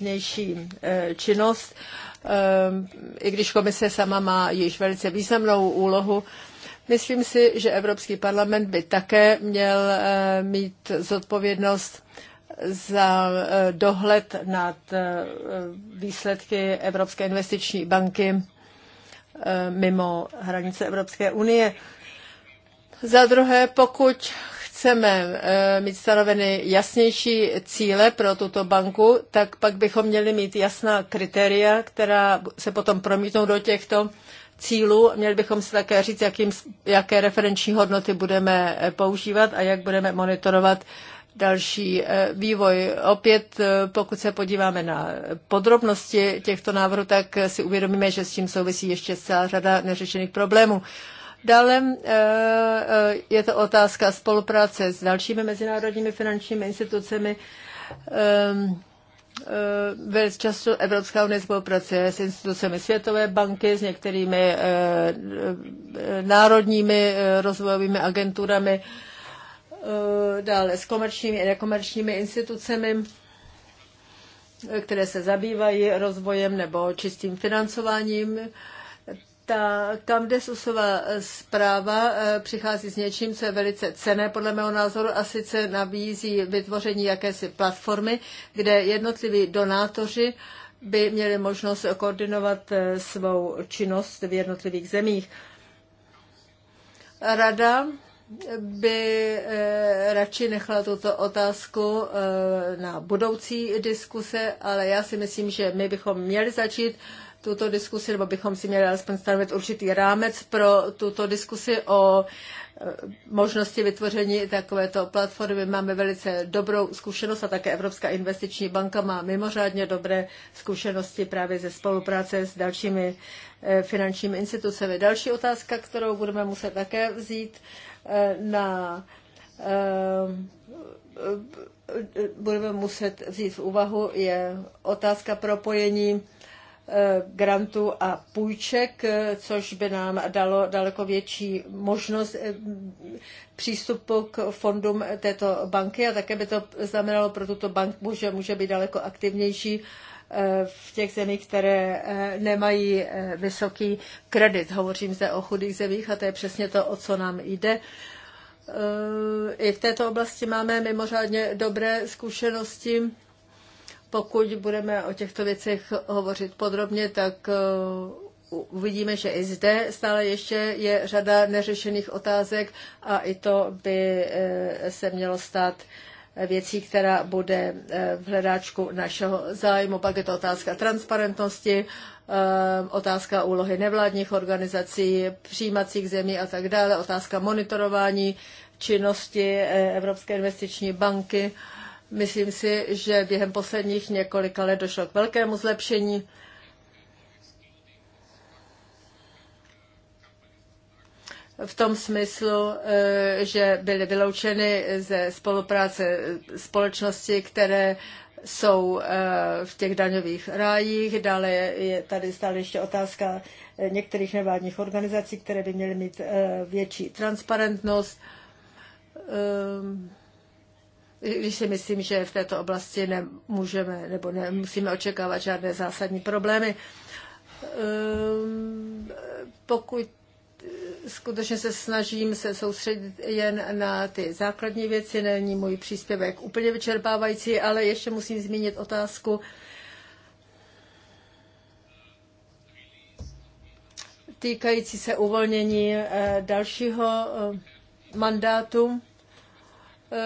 Speaker 3: vnější činnost, i když komise sama má již velice významnou úlohu. Myslím si, že Evropský parlament by také měl mít zodpovědnost za eh, dohled nad eh, výsledky Evropské investiční banky eh, mimo hranice Evropské unie. Za druhé, pokud chceme mít stanoveny jasnější cíle pro tuto banku, tak pak bychom měli mít jasná kritéria, která se potom promítnou do těchto cílů. Měli bychom si také říct, jakým, jaké referenční hodnoty budeme používat a jak budeme monitorovat uh, další eh, vývoj. Opět, eh, pokud se podíváme na podrobnosti těchto návrhů, tak eh, si uvědomíme, že s tím souvisí ještě celá řada neřešených problémů. Dále je to otázka spolupráce s dalšími mezinárodními finančními institucemi. Ehm, velice často Evropská unie spolupracuje s institucemi Světové banky, s některými národními rozvojovými agenturami. Eh, dále s komerčními a nekomerčními institucemi, které se zabývají rozvojem nebo čistým financováním. Ta, tam, kde Susová zpráva eh, přichází s něčím, co je velice cené podle mého názoru a sice nabízí vytvoření jakési platformy, kde jednotliví donátoři by měli možnost koordinovat eh, svou činnost v jednotlivých zemích. Rada by eh, radši nechala tuto otázku eh, na budoucí diskuse, ale já si myslím, že my bychom měli začít tuto diskusi, nebo bychom si měli alespoň stanovit určitý rámec pro tuto diskusi o eh, možnosti vytvoření takovéto platformy. Máme velice dobrou zkušenost a také Evropská investiční banka má mimořádně dobré zkušenosti právě ze spolupráce s dalšími finančními institucemi. Další otázka, kterou budeme muset také vzít Eh, na eh, budeme muset vzít v úvahu, je otázka propojení eh, grantu a půjček, což by nám dalo daleko větší možnost přístupu k fondům této banky a také by to znamenalo pro tuto banku, že může být daleko aktivnější Eh, v těch zemích, které eh, nemají eh, vysoký kredit. Hovořím zde o chudých zemích a to je přesně to, o co nám jde. I v této oblasti máme mimořádně dobré zkušenosti. Pokud budeme o těchto věcech hovořit podrobně, tak uvidíme, že i zde stále ještě je řada neřešených otázek a i to by se mělo stát věcí, která bude eh, v hledáčku našeho zájmu. Pak je to otázka transparentnosti, eh, otázka úlohy nevládních organizací, přijímacích zemí a tak dále, otázka monitorování činnosti eh, Evropské investiční banky. Myslím si, že během posledních několika let došlo k velkému zlepšení v tom smyslu, eh, že byly vyloučeny ze spolupráce společnosti, které jsou eh, v těch daňových rájích. Dále je tady stále ještě otázka eh, některých nevládních organizací, které by měly mít větší transparentnost. Ehm, když si myslím, že v této oblasti nemůžeme nebo nemusíme očekávat žádné zásadní problémy. Ehm, pokud skutečně se snažím se soustředit jen na ty základní věci. Není můj příspěvek úplně vyčerpávající, ale ještě musím zmínit otázku týkající se uvolnění eh, dalšího eh, mandátu eh,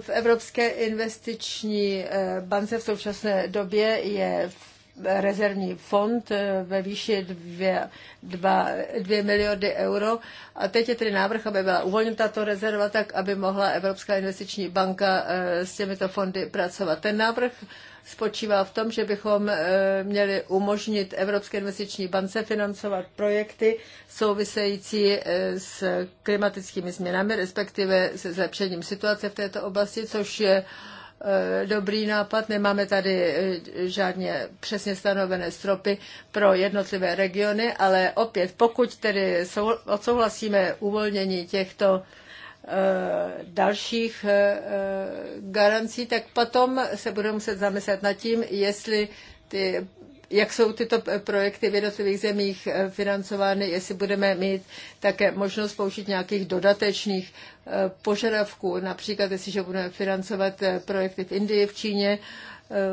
Speaker 3: v Evropské investiční bance v současné době je rezervní fond eh, ve výši 2 miliardy euro. A teď je tedy návrh, aby byla uvolněna tato rezerva tak, aby mohla Evropská investiční banka eh, s těmito fondy pracovat. Ten návrh spočívá v tom, že bychom eh, měli umožnit Evropské investiční bance financovat projekty související s klimatickými změnami, respektive se zlepšením situace v této oblasti, což je Eh, dobrý nápad. Nemáme tady eh, žádně přesně stanovené stropy pro jednotlivé regiony, ale opět, pokud tedy odsouhlasíme uvolnění těchto eh, dalších garancí, tak potom se budeme muset zamyslet nad tím, jestli ty jak jsou tyto projekty v jednotlivých zemích eh, financovány, jestli budeme mít také možnost použít nějakých dodatečných eh, požadavků, například jestliže budeme financovat eh, projekty v Indii, v Číně,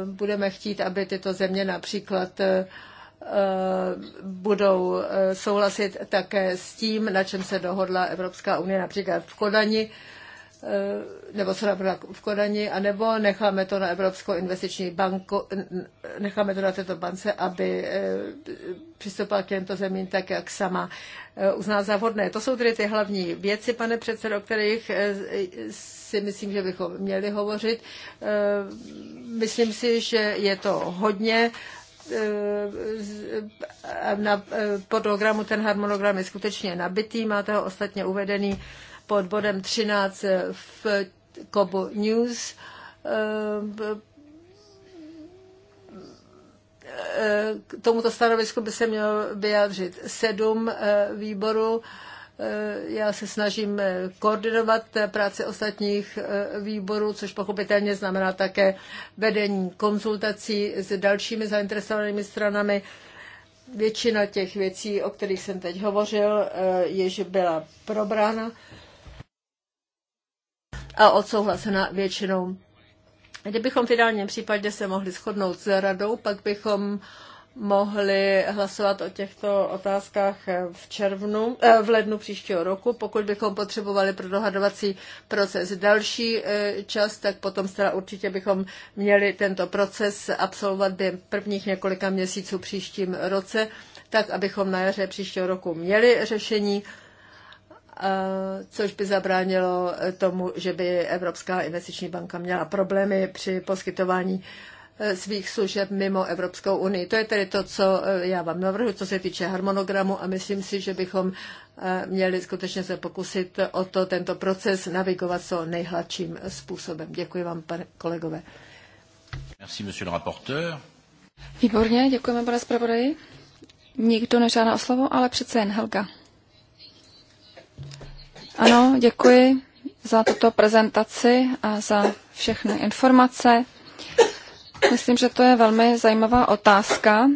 Speaker 3: budeme chtít, aby tyto země například budou souhlasit také s tím, na čem se dohodla Evropská unie, například v Kodani, Eh, nebo co napravila v Kodani, anebo necháme to na Evropskou investiční banku, necháme to na této bance, aby eh, přistoupila k těmto zemím tak, jak sama eh, uzná za vhodné. To jsou tedy ty hlavní věci, pane předsedo, o kterých si myslím, že bychom měli hovořit. Myslím si, že je to hodně na podprogramu ten harmonogram je skutečně nabitý, máte ho ostatně uvedený pod bodem 13 v Kobo News k tomuto stanovisku by se mělo vyjádřit sedm výborů. Já se snažím koordinovat práci ostatních výborů, což pochopitelně znamená také vedení konzultací s dalšími zainteresovanými stranami. Většina těch věcí, o kterých jsem teď hovořil, již byla probrána a odsouhlasena většinou. Kdybychom v ideálním případě se mohli shodnout s radou, pak bychom mohli hlasovat o těchto otázkách v červnu, eh, v lednu příštího roku. Pokud bychom potřebovali pro dohadovací proces další eh, čas, tak potom zcela určitě bychom měli tento proces absolvovat během prvních několika měsíců příštím roce, tak abychom na jaře příštího roku měli řešení což by zabránilo tomu, že by Evropská investiční banka měla problémy při poskytování e, svých služeb mimo Evropskou unii. To je tedy to, co e, já vám navrhuji, co se týče harmonogramu a myslím si, že bychom e, měli skutečně se pokusit o to tento proces navigovat co nejhladším způsobem. Děkuji vám, pane kolegové.
Speaker 1: Merci, monsieur le rapporteur.
Speaker 3: Výborně, děkujeme, pane zpravodaji. Nikdo nežádá
Speaker 2: o slovo, ale přece jen Helga. Ano, děkuji za tuto prezentaci a za všechny informace. Myslím, že to je velmi zajímavá otázka,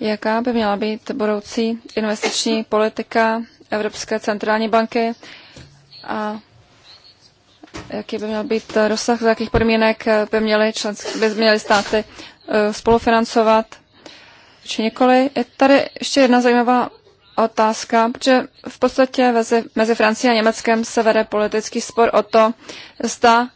Speaker 2: jaká by měla být budoucí investiční politika Evropské centrální banky a jaký by měl být rozsah, za jakých podmínek by měly, členské, by měly státy eh, spolufinancovat či nikoli. Je tady ještě jedna zajímavá otázka, protože v podstatě mezi, mezi Francií a Německem se vede politický spor o to, zda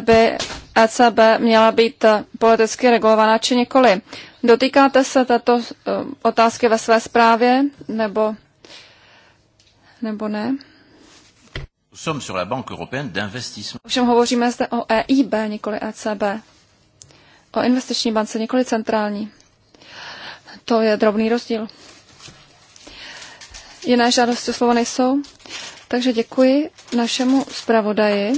Speaker 2: by ECB měla být politicky regulovaná či nikoli. Dotýkáte se této eh, otázky ve své zprávě nebo, nebo ne? Ovšem hovoříme zde o EIB, nikoli ECB. O investiční bance, nikoli centrální. To je drobný rozdíl. Jiné žádosti slova nejsou. Takže děkuji našemu zpravodaji.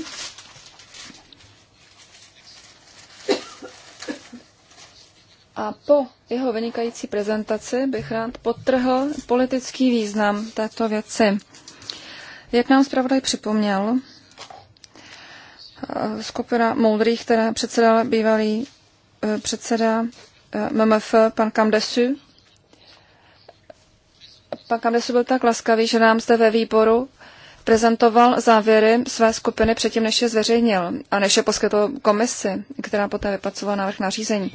Speaker 2: A po jeho vynikající prezentaci bych rád potrhl politický význam této věci. Jak nám zpravodaj připomněl, eh, skupina moudrých, která předsedala bývalý eh, předseda eh, MMF, pan Kamdesu, pan Kamdesu byl tak laskavý, že nám zde ve výboru prezentoval závěry své skupiny předtím, než je zveřejnil a než je poskytl komisi, která poté vypracovala návrh nařízení,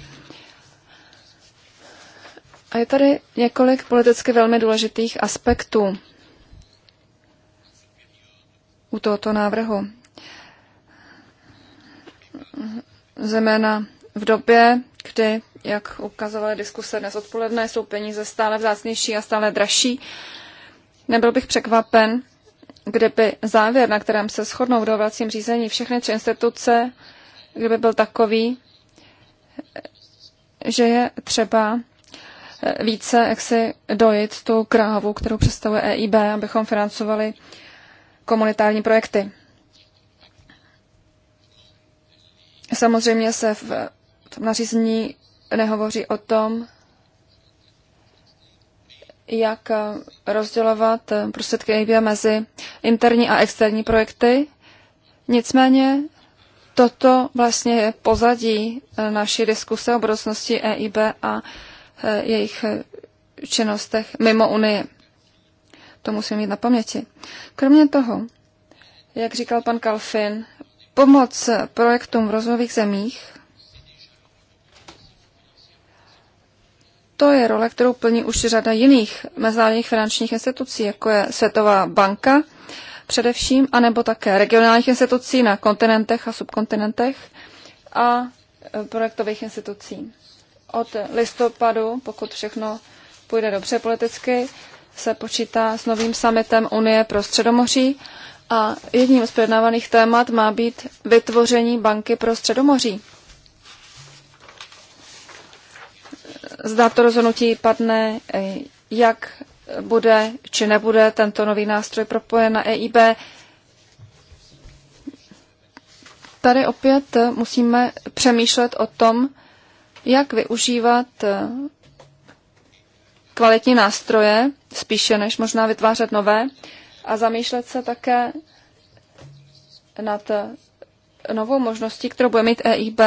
Speaker 2: A je tady několik politicky velmi důležitých aspektů u tohoto návrhu. Zeména v době, kdy, jak ukazovaly diskuse dnes odpoledne, jsou peníze stále vzácnější a stále dražší, nebyl bych překvapen, kdyby závěr, na kterém se shodnou v dovolacím řízení všechny tři instituce, kdyby byl takový, že je třeba eh, více jak si dojít tu krávu, kterou představuje EIB, abychom financovali komunitární projekty. Samozřejmě se v Nařízení nehovoří o tom, jak rozdělovat prostředky EIB mezi interní a externí projekty. Nicméně toto vlastně je pozadí naší diskuse o budoucnosti EIB a jejich činnostech mimo Unii. To musím mít na paměti. Kromě toho, jak říkal pan Kalfin, pomoc projektům v rozvojových zemích to je role, kterou plní už řada jiných mezinárodních finančních institucí, jako je Světová banka především, anebo také regionálních institucí na kontinentech a subkontinentech a e, projektových institucí. Od listopadu, pokud všechno půjde dobře politicky, se počítá s novým summitem Unie pro Středomoří a jedním z předávaných témat má být vytvoření banky pro Středomoří. Zda to rozhodnutí padne, eh, jak bude či nebude tento nový nástroj propojen na EIB. Tady opět eh, musíme přemýšlet o tom, jak využívat eh, kvalitní nástroje, spíše než možná vytvářet nové, a zamýšlet se také nad novou možností, kterou bude mít EIB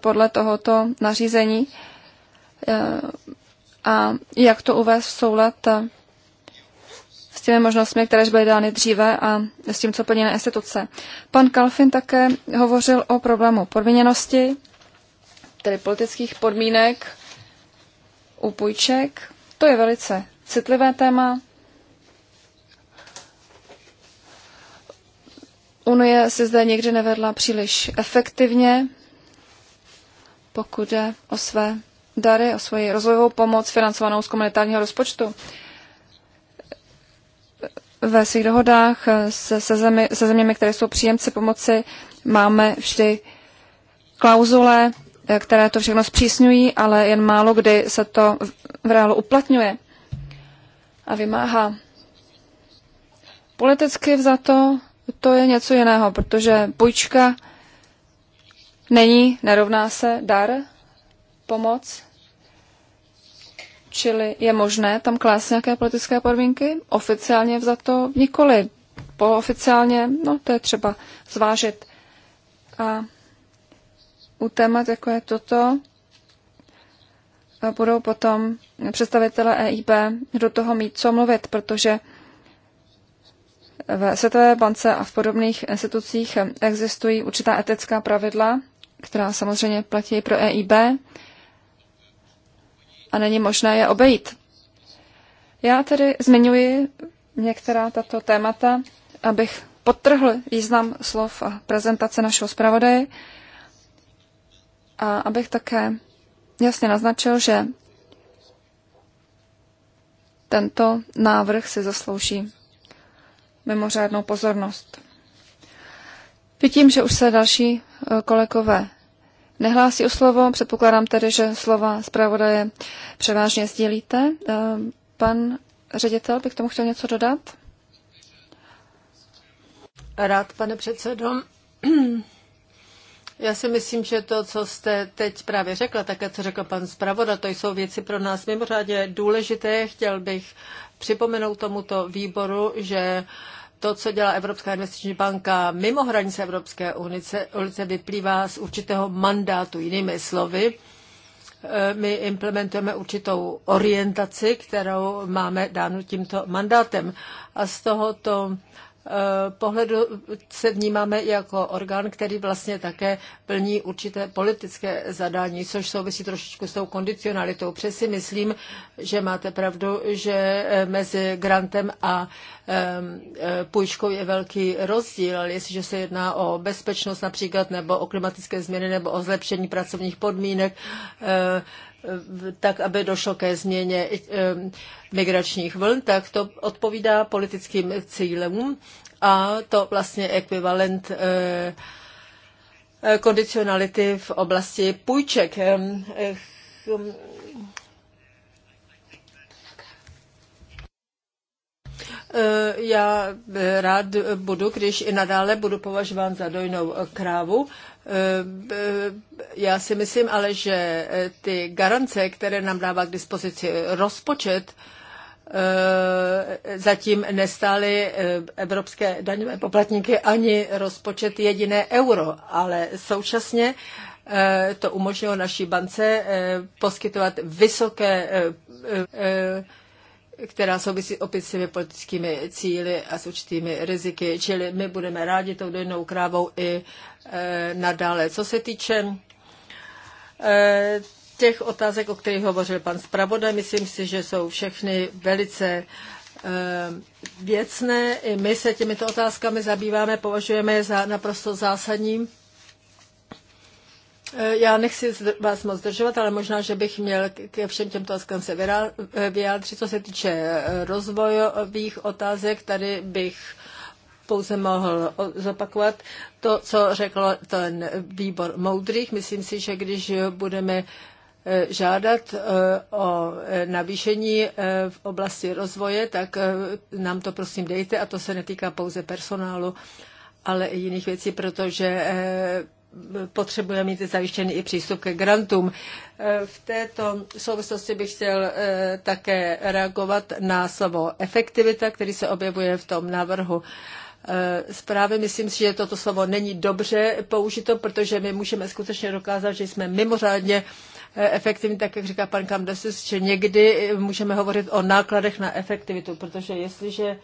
Speaker 2: podle tohoto nařízení Eh, a jak to uvést v soulad eh, s těmi možnostmi, které byly dány dříve a s tím, co plní na instituce. Pan Kalfin také hovořil o problému podmíněnosti, tedy politických podmínek u půjček. To je velice citlivé téma. Unie se zde nikdy nevedla příliš efektivně, pokud je o své dary, o svoji rozvojovou pomoc financovanou z komunitárního rozpočtu. Ve svých dohodách se, se, zemi, se zeměmi, které jsou příjemci pomoci, máme vždy klauzule, které to všechno zpřísňují, ale jen málo kdy se to v reálu uplatňuje a vymáhá. Politicky to, to je něco jiného, protože půjčka není, nerovná se dar, pomoc. Čili je možné tam klást nějaké politické podmínky? Oficiálně to nikoli. Pooficiálně? no to je třeba zvážit. A u témat, jako je toto, budou potom představitelé EIB do toho mít co mluvit, protože v Světové bance a v podobných institucích existují určitá etická pravidla, která samozřejmě platí pro EIB, a není možné je obejít. Já tedy zmiňuji některá tato témata, abych podtrhl význam slov a prezentace našeho zpravodaje a abych také jasně naznačil, že tento návrh si zaslouží mimořádnou pozornost. Vidím, že už se další eh, kolegové nehlásí o slovo. Předpokládám tedy, že slova zpravodaje převážně sdílíte. Eh, pan ředitel by k tomu chtěl něco dodat?
Speaker 3: Rád, pane předsedo. Já si myslím, že to, co jste teď právě řekla, také co řekl pan zpravoda, to jsou věci pro nás mimořádně důležité. Chtěl bych připomenout tomuto výboru, že to, co dělá Evropská investiční banka mimo hranice Evropské unice, ulice vyplývá z určitého mandátu. Jinými slovy, e, my implementujeme určitou orientaci, kterou máme dánu tímto mandátem. A z tohoto Eh, pohledu se vnímáme jako orgán, který vlastně také plní určité politické zadání, což souvisí trošičku s tou kondicionalitou. Přesně myslím, že máte pravdu, že eh, mezi grantem a eh, půjčkou je velký rozdíl, ale jestliže se jedná o bezpečnost například, nebo o klimatické změny, nebo o zlepšení pracovních podmínek, tak aby došlo ke změně eh, migračních vln, tak to odpovídá politickým cílům a to vlastně ekvivalent eh, kondicionality v oblasti půjček. Eh, já rád budu, když i nadále budu považován za dojnou krávu, Eh, já si myslím ale, že eh, ty garance, které nám dává k dispozici rozpočet, eh, zatím nestály evropské daňové poplatníky ani rozpočet jediné euro, ale současně to umožnilo naší bance poskytovat vysoké která souvisí opět s těmi politickými cíly a s určitými riziky. Čili my budeme rádi tou dojnou krávou i e, nadále. Co se týče e, těch otázek, o kterých hovořil pan zpravodaj, myslím si, že jsou všechny velice e, věcné. I my se těmito otázkami zabýváme, považujeme je za naprosto zásadní. Eh, já nechci vás moc zdržovat, ale možná, že bych měl ke všem těmto otázkám se eh, vyjádřit. Co se týče eh, rozvojových otázek, tady bych pouze mohl zopakovat to, co řekl ten výbor moudrých. Myslím si, že když budeme žádat o navýšení v oblasti rozvoje, tak nám to prosím dejte a to se netýká pouze personálu, ale i jiných věcí, protože potřebuje mít zajištěný i přístup ke grantům. E, v této souvislosti bych chtěl e, také reagovat na slovo efektivita, který se objevuje v tom návrhu e, zprávy. Myslím si, že toto slovo není dobře použito, protože my můžeme skutečně dokázat, že jsme mimořádně efektivní, tak jak říká pan Kamdesis, že někdy můžeme hovořit o nákladech na efektivitu, protože jestliže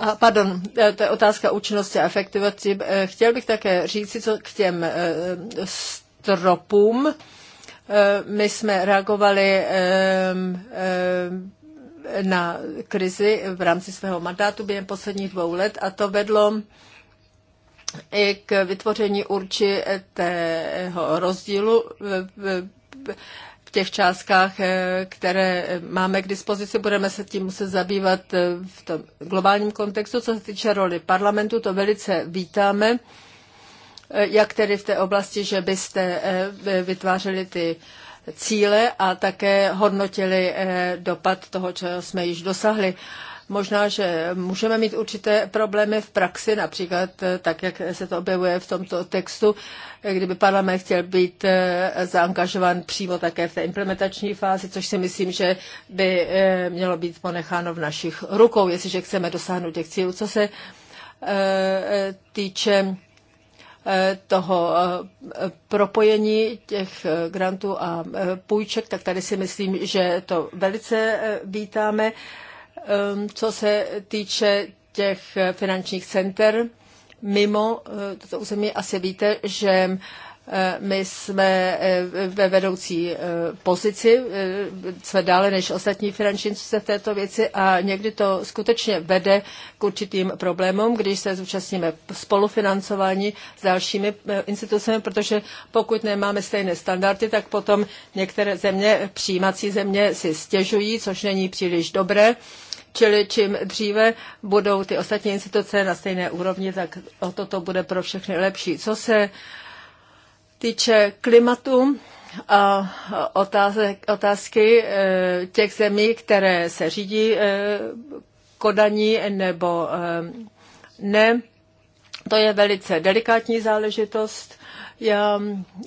Speaker 3: A pardon, e, to je otázka účinnosti a efektivity. E, chtěl bych také říci, co k těm e, stropům. My jsme reagovali na krizi v rámci svého mandátu během posledních dvou let a to vedlo i k vytvoření určitého rozdílu těch částkách, eh, které eh, máme k dispozici, budeme se tím muset zabývat eh, v tom globálním kontextu. Co se týče roli parlamentu, to velice vítáme, jak tedy v té oblasti, že byste vytvářeli ty cíle a také hodnotili dopad toho, čeho jsme již dosahli. Možná, že můžeme mít určité problémy v praxi, například eh, tak, jak se to objevuje v tomto textu, eh, kdyby parlament chtěl být eh, zaangažovan přímo také v té implementační fázi, což si myslím, že by mělo být ponecháno v našich rukou, jestliže chceme dosáhnout těch cílů. Co se týče toho propojení těch grantů a půjček, tak tady si myslím, že to velice vítáme. Ehm, co se týče těch eh, finančních center mimo eh, toto území, asi víte, že eh, my jsme ve vedoucí pozici, jsme dále než ostatní finanční instituce v této věci a někdy to skutečně vede k určitým problémům, když se zúčastníme spolufinancování s dalšími institucemi, protože pokud nemáme stejné standardy, tak potom některé země, přijímací země si stěžují, což není příliš dobré Čili čím dříve budou ty ostatní instituce na stejné úrovni, tak o toto bude pro všechny lepší. Co se týče klimatu, a otázek, otázky eh, těch zemí, které se řídí eh, kodaní nebo eh, ne. To je velice delikátní záležitost. Já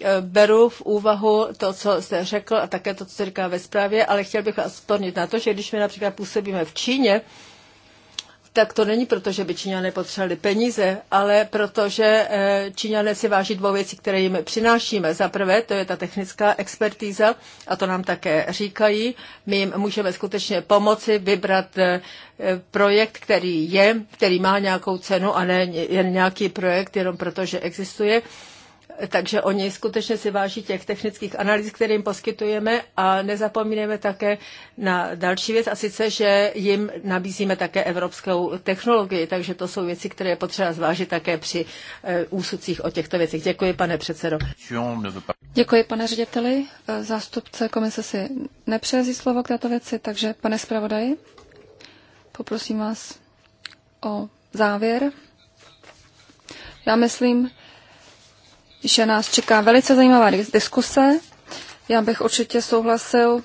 Speaker 3: eh, beru v úvahu to, co jste řekl a také to, co se říká ve zprávě, ale chtěl bych vás spornit na to, že když my například působíme v Číně, tak to není proto, že by Číňané potřebovali peníze, ale protože eh, Číňané si váží dvou věcí, které jim přinášíme. Za prvé, to je ta technická expertíza a to nám také říkají. My jim můžeme skutečně pomoci vybrat eh, projekt, který je, který má nějakou cenu a ne jen nějaký projekt, jenom protože existuje. Takže oni skutečně si váží těch technických analýz, které jim poskytujeme a nezapomínáme také na další věc a sice, že jim nabízíme také evropskou technologii, takže to jsou věci, které je potřeba zvážit také při eh, úsudcích o těchto věcech. Děkuji, pane předsedo. Děkuji, pane řediteli.
Speaker 2: Eh, zástupce komise si nepřejezí slovo k této věci, takže pane zpravodaji, poprosím vás o závěr. Já myslím, že nás čeká velice zajímavá diskuse. Já bych určitě souhlasil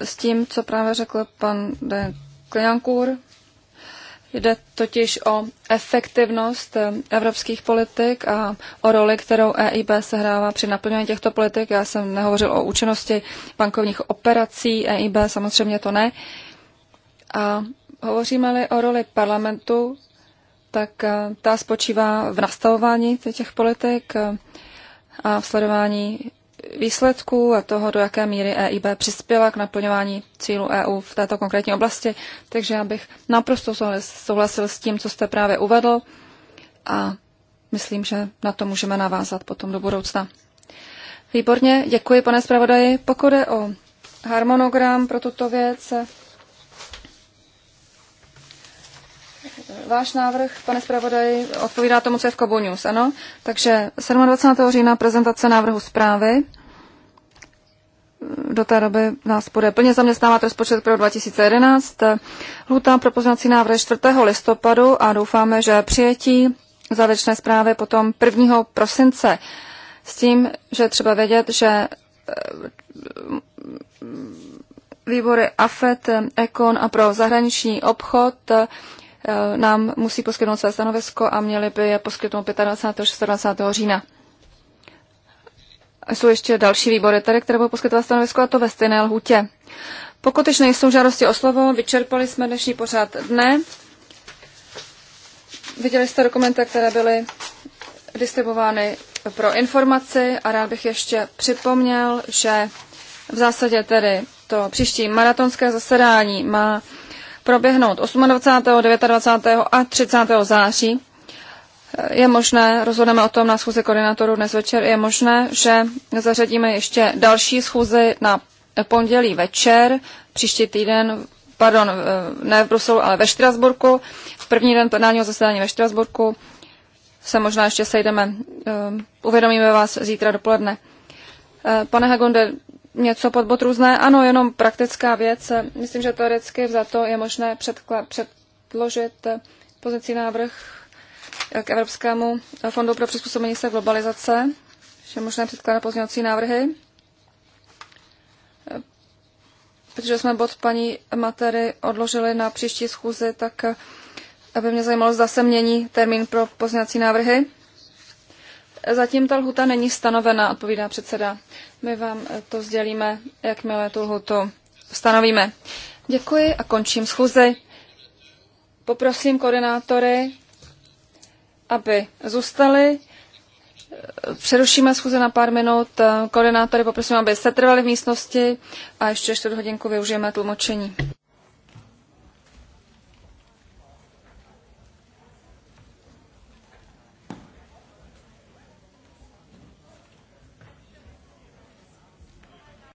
Speaker 2: s tím, co právě řekl pan de Kliankur. Jde totiž o efektivnost eh, evropských politik a o roli, kterou EIB sehrává při naplňování těchto politik. Já jsem nehovořil o účinnosti bankovních operací, EIB samozřejmě to ne. A hovoříme-li o roli parlamentu, tak eh, ta spočívá v nastavování těch politik eh, a v sledování výsledků a toho, do jaké míry EIB přispěla k naplňování cílu e EU v této konkrétní oblasti. Takže já bych naprosto souhlasil s tím, co jste právě uvedl a myslím, že na to můžeme navázat potom do budoucna. Výborně, děkuji pane zpravodaji. Pokud je o harmonogram pro tuto věc, váš návrh, pane zpravodaji, odpovídá tomu, co je v Kobo News, ano? Takže 27. října prezentace návrhu zprávy. Do té doby nás bude plně zaměstnávat rozpočet pro 2011. Hluta pro poznací návrh 4. listopadu a doufáme, že přijetí závěrečné zprávy potom 1. prosince. S tím, že třeba vědět, že eh, výbory AFET, EKON a pro zahraniční obchod Eh, nám musí poskytnout své stanovisko a měli by je poskytnout 25. a 14. října. Jsou ještě další výbory tady, které budou poskytovat stanovisko a to ve stejné lhutě. Pokud již nejsou žádosti o slovo, vyčerpali jsme dnešní pořád dne. Viděli jste dokumenty, které byly distribuovány pro informaci a rád bych ještě připomněl, že v zásadě tedy to příští maratonské zasedání má proběhnout 28., 29. a 30. září. Je možné, rozhodneme o tom na schůzi koordinátorů dnes večer, je možné, že zařadíme ještě další schůzi na pondělí večer, příští týden, pardon, ne v Bruselu, ale ve Štrasburku. V první den plenárního zasedání ve Štrasburku se možná ještě sejdeme. Eh, uvědomíme vás zítra dopoledne. Eh, pane Hagonde, něco pod bod různé. Ano, jenom praktická věc. Myslím, že teoreticky za to je možné předložit pozici návrh k Evropskému fondu pro přizpůsobení se globalizace, že je možné předkládat pozměňovací návrhy. Protože jsme bod paní Matery odložili na příští schůzi, tak aby mě zajímalo, zda se mění termín pro pozměňovací návrhy. Zatím ta lhuta není stanovena, odpovídá předseda. My vám to sdělíme, jakmile tu lhutu stanovíme. Děkuji a končím schůzi. Poprosím koordinátory, aby zůstali. Přerušíme schůze na pár minut. Koordinátory poprosím, aby se trvali v místnosti a ještě čtvrt hodinku využijeme tlumočení.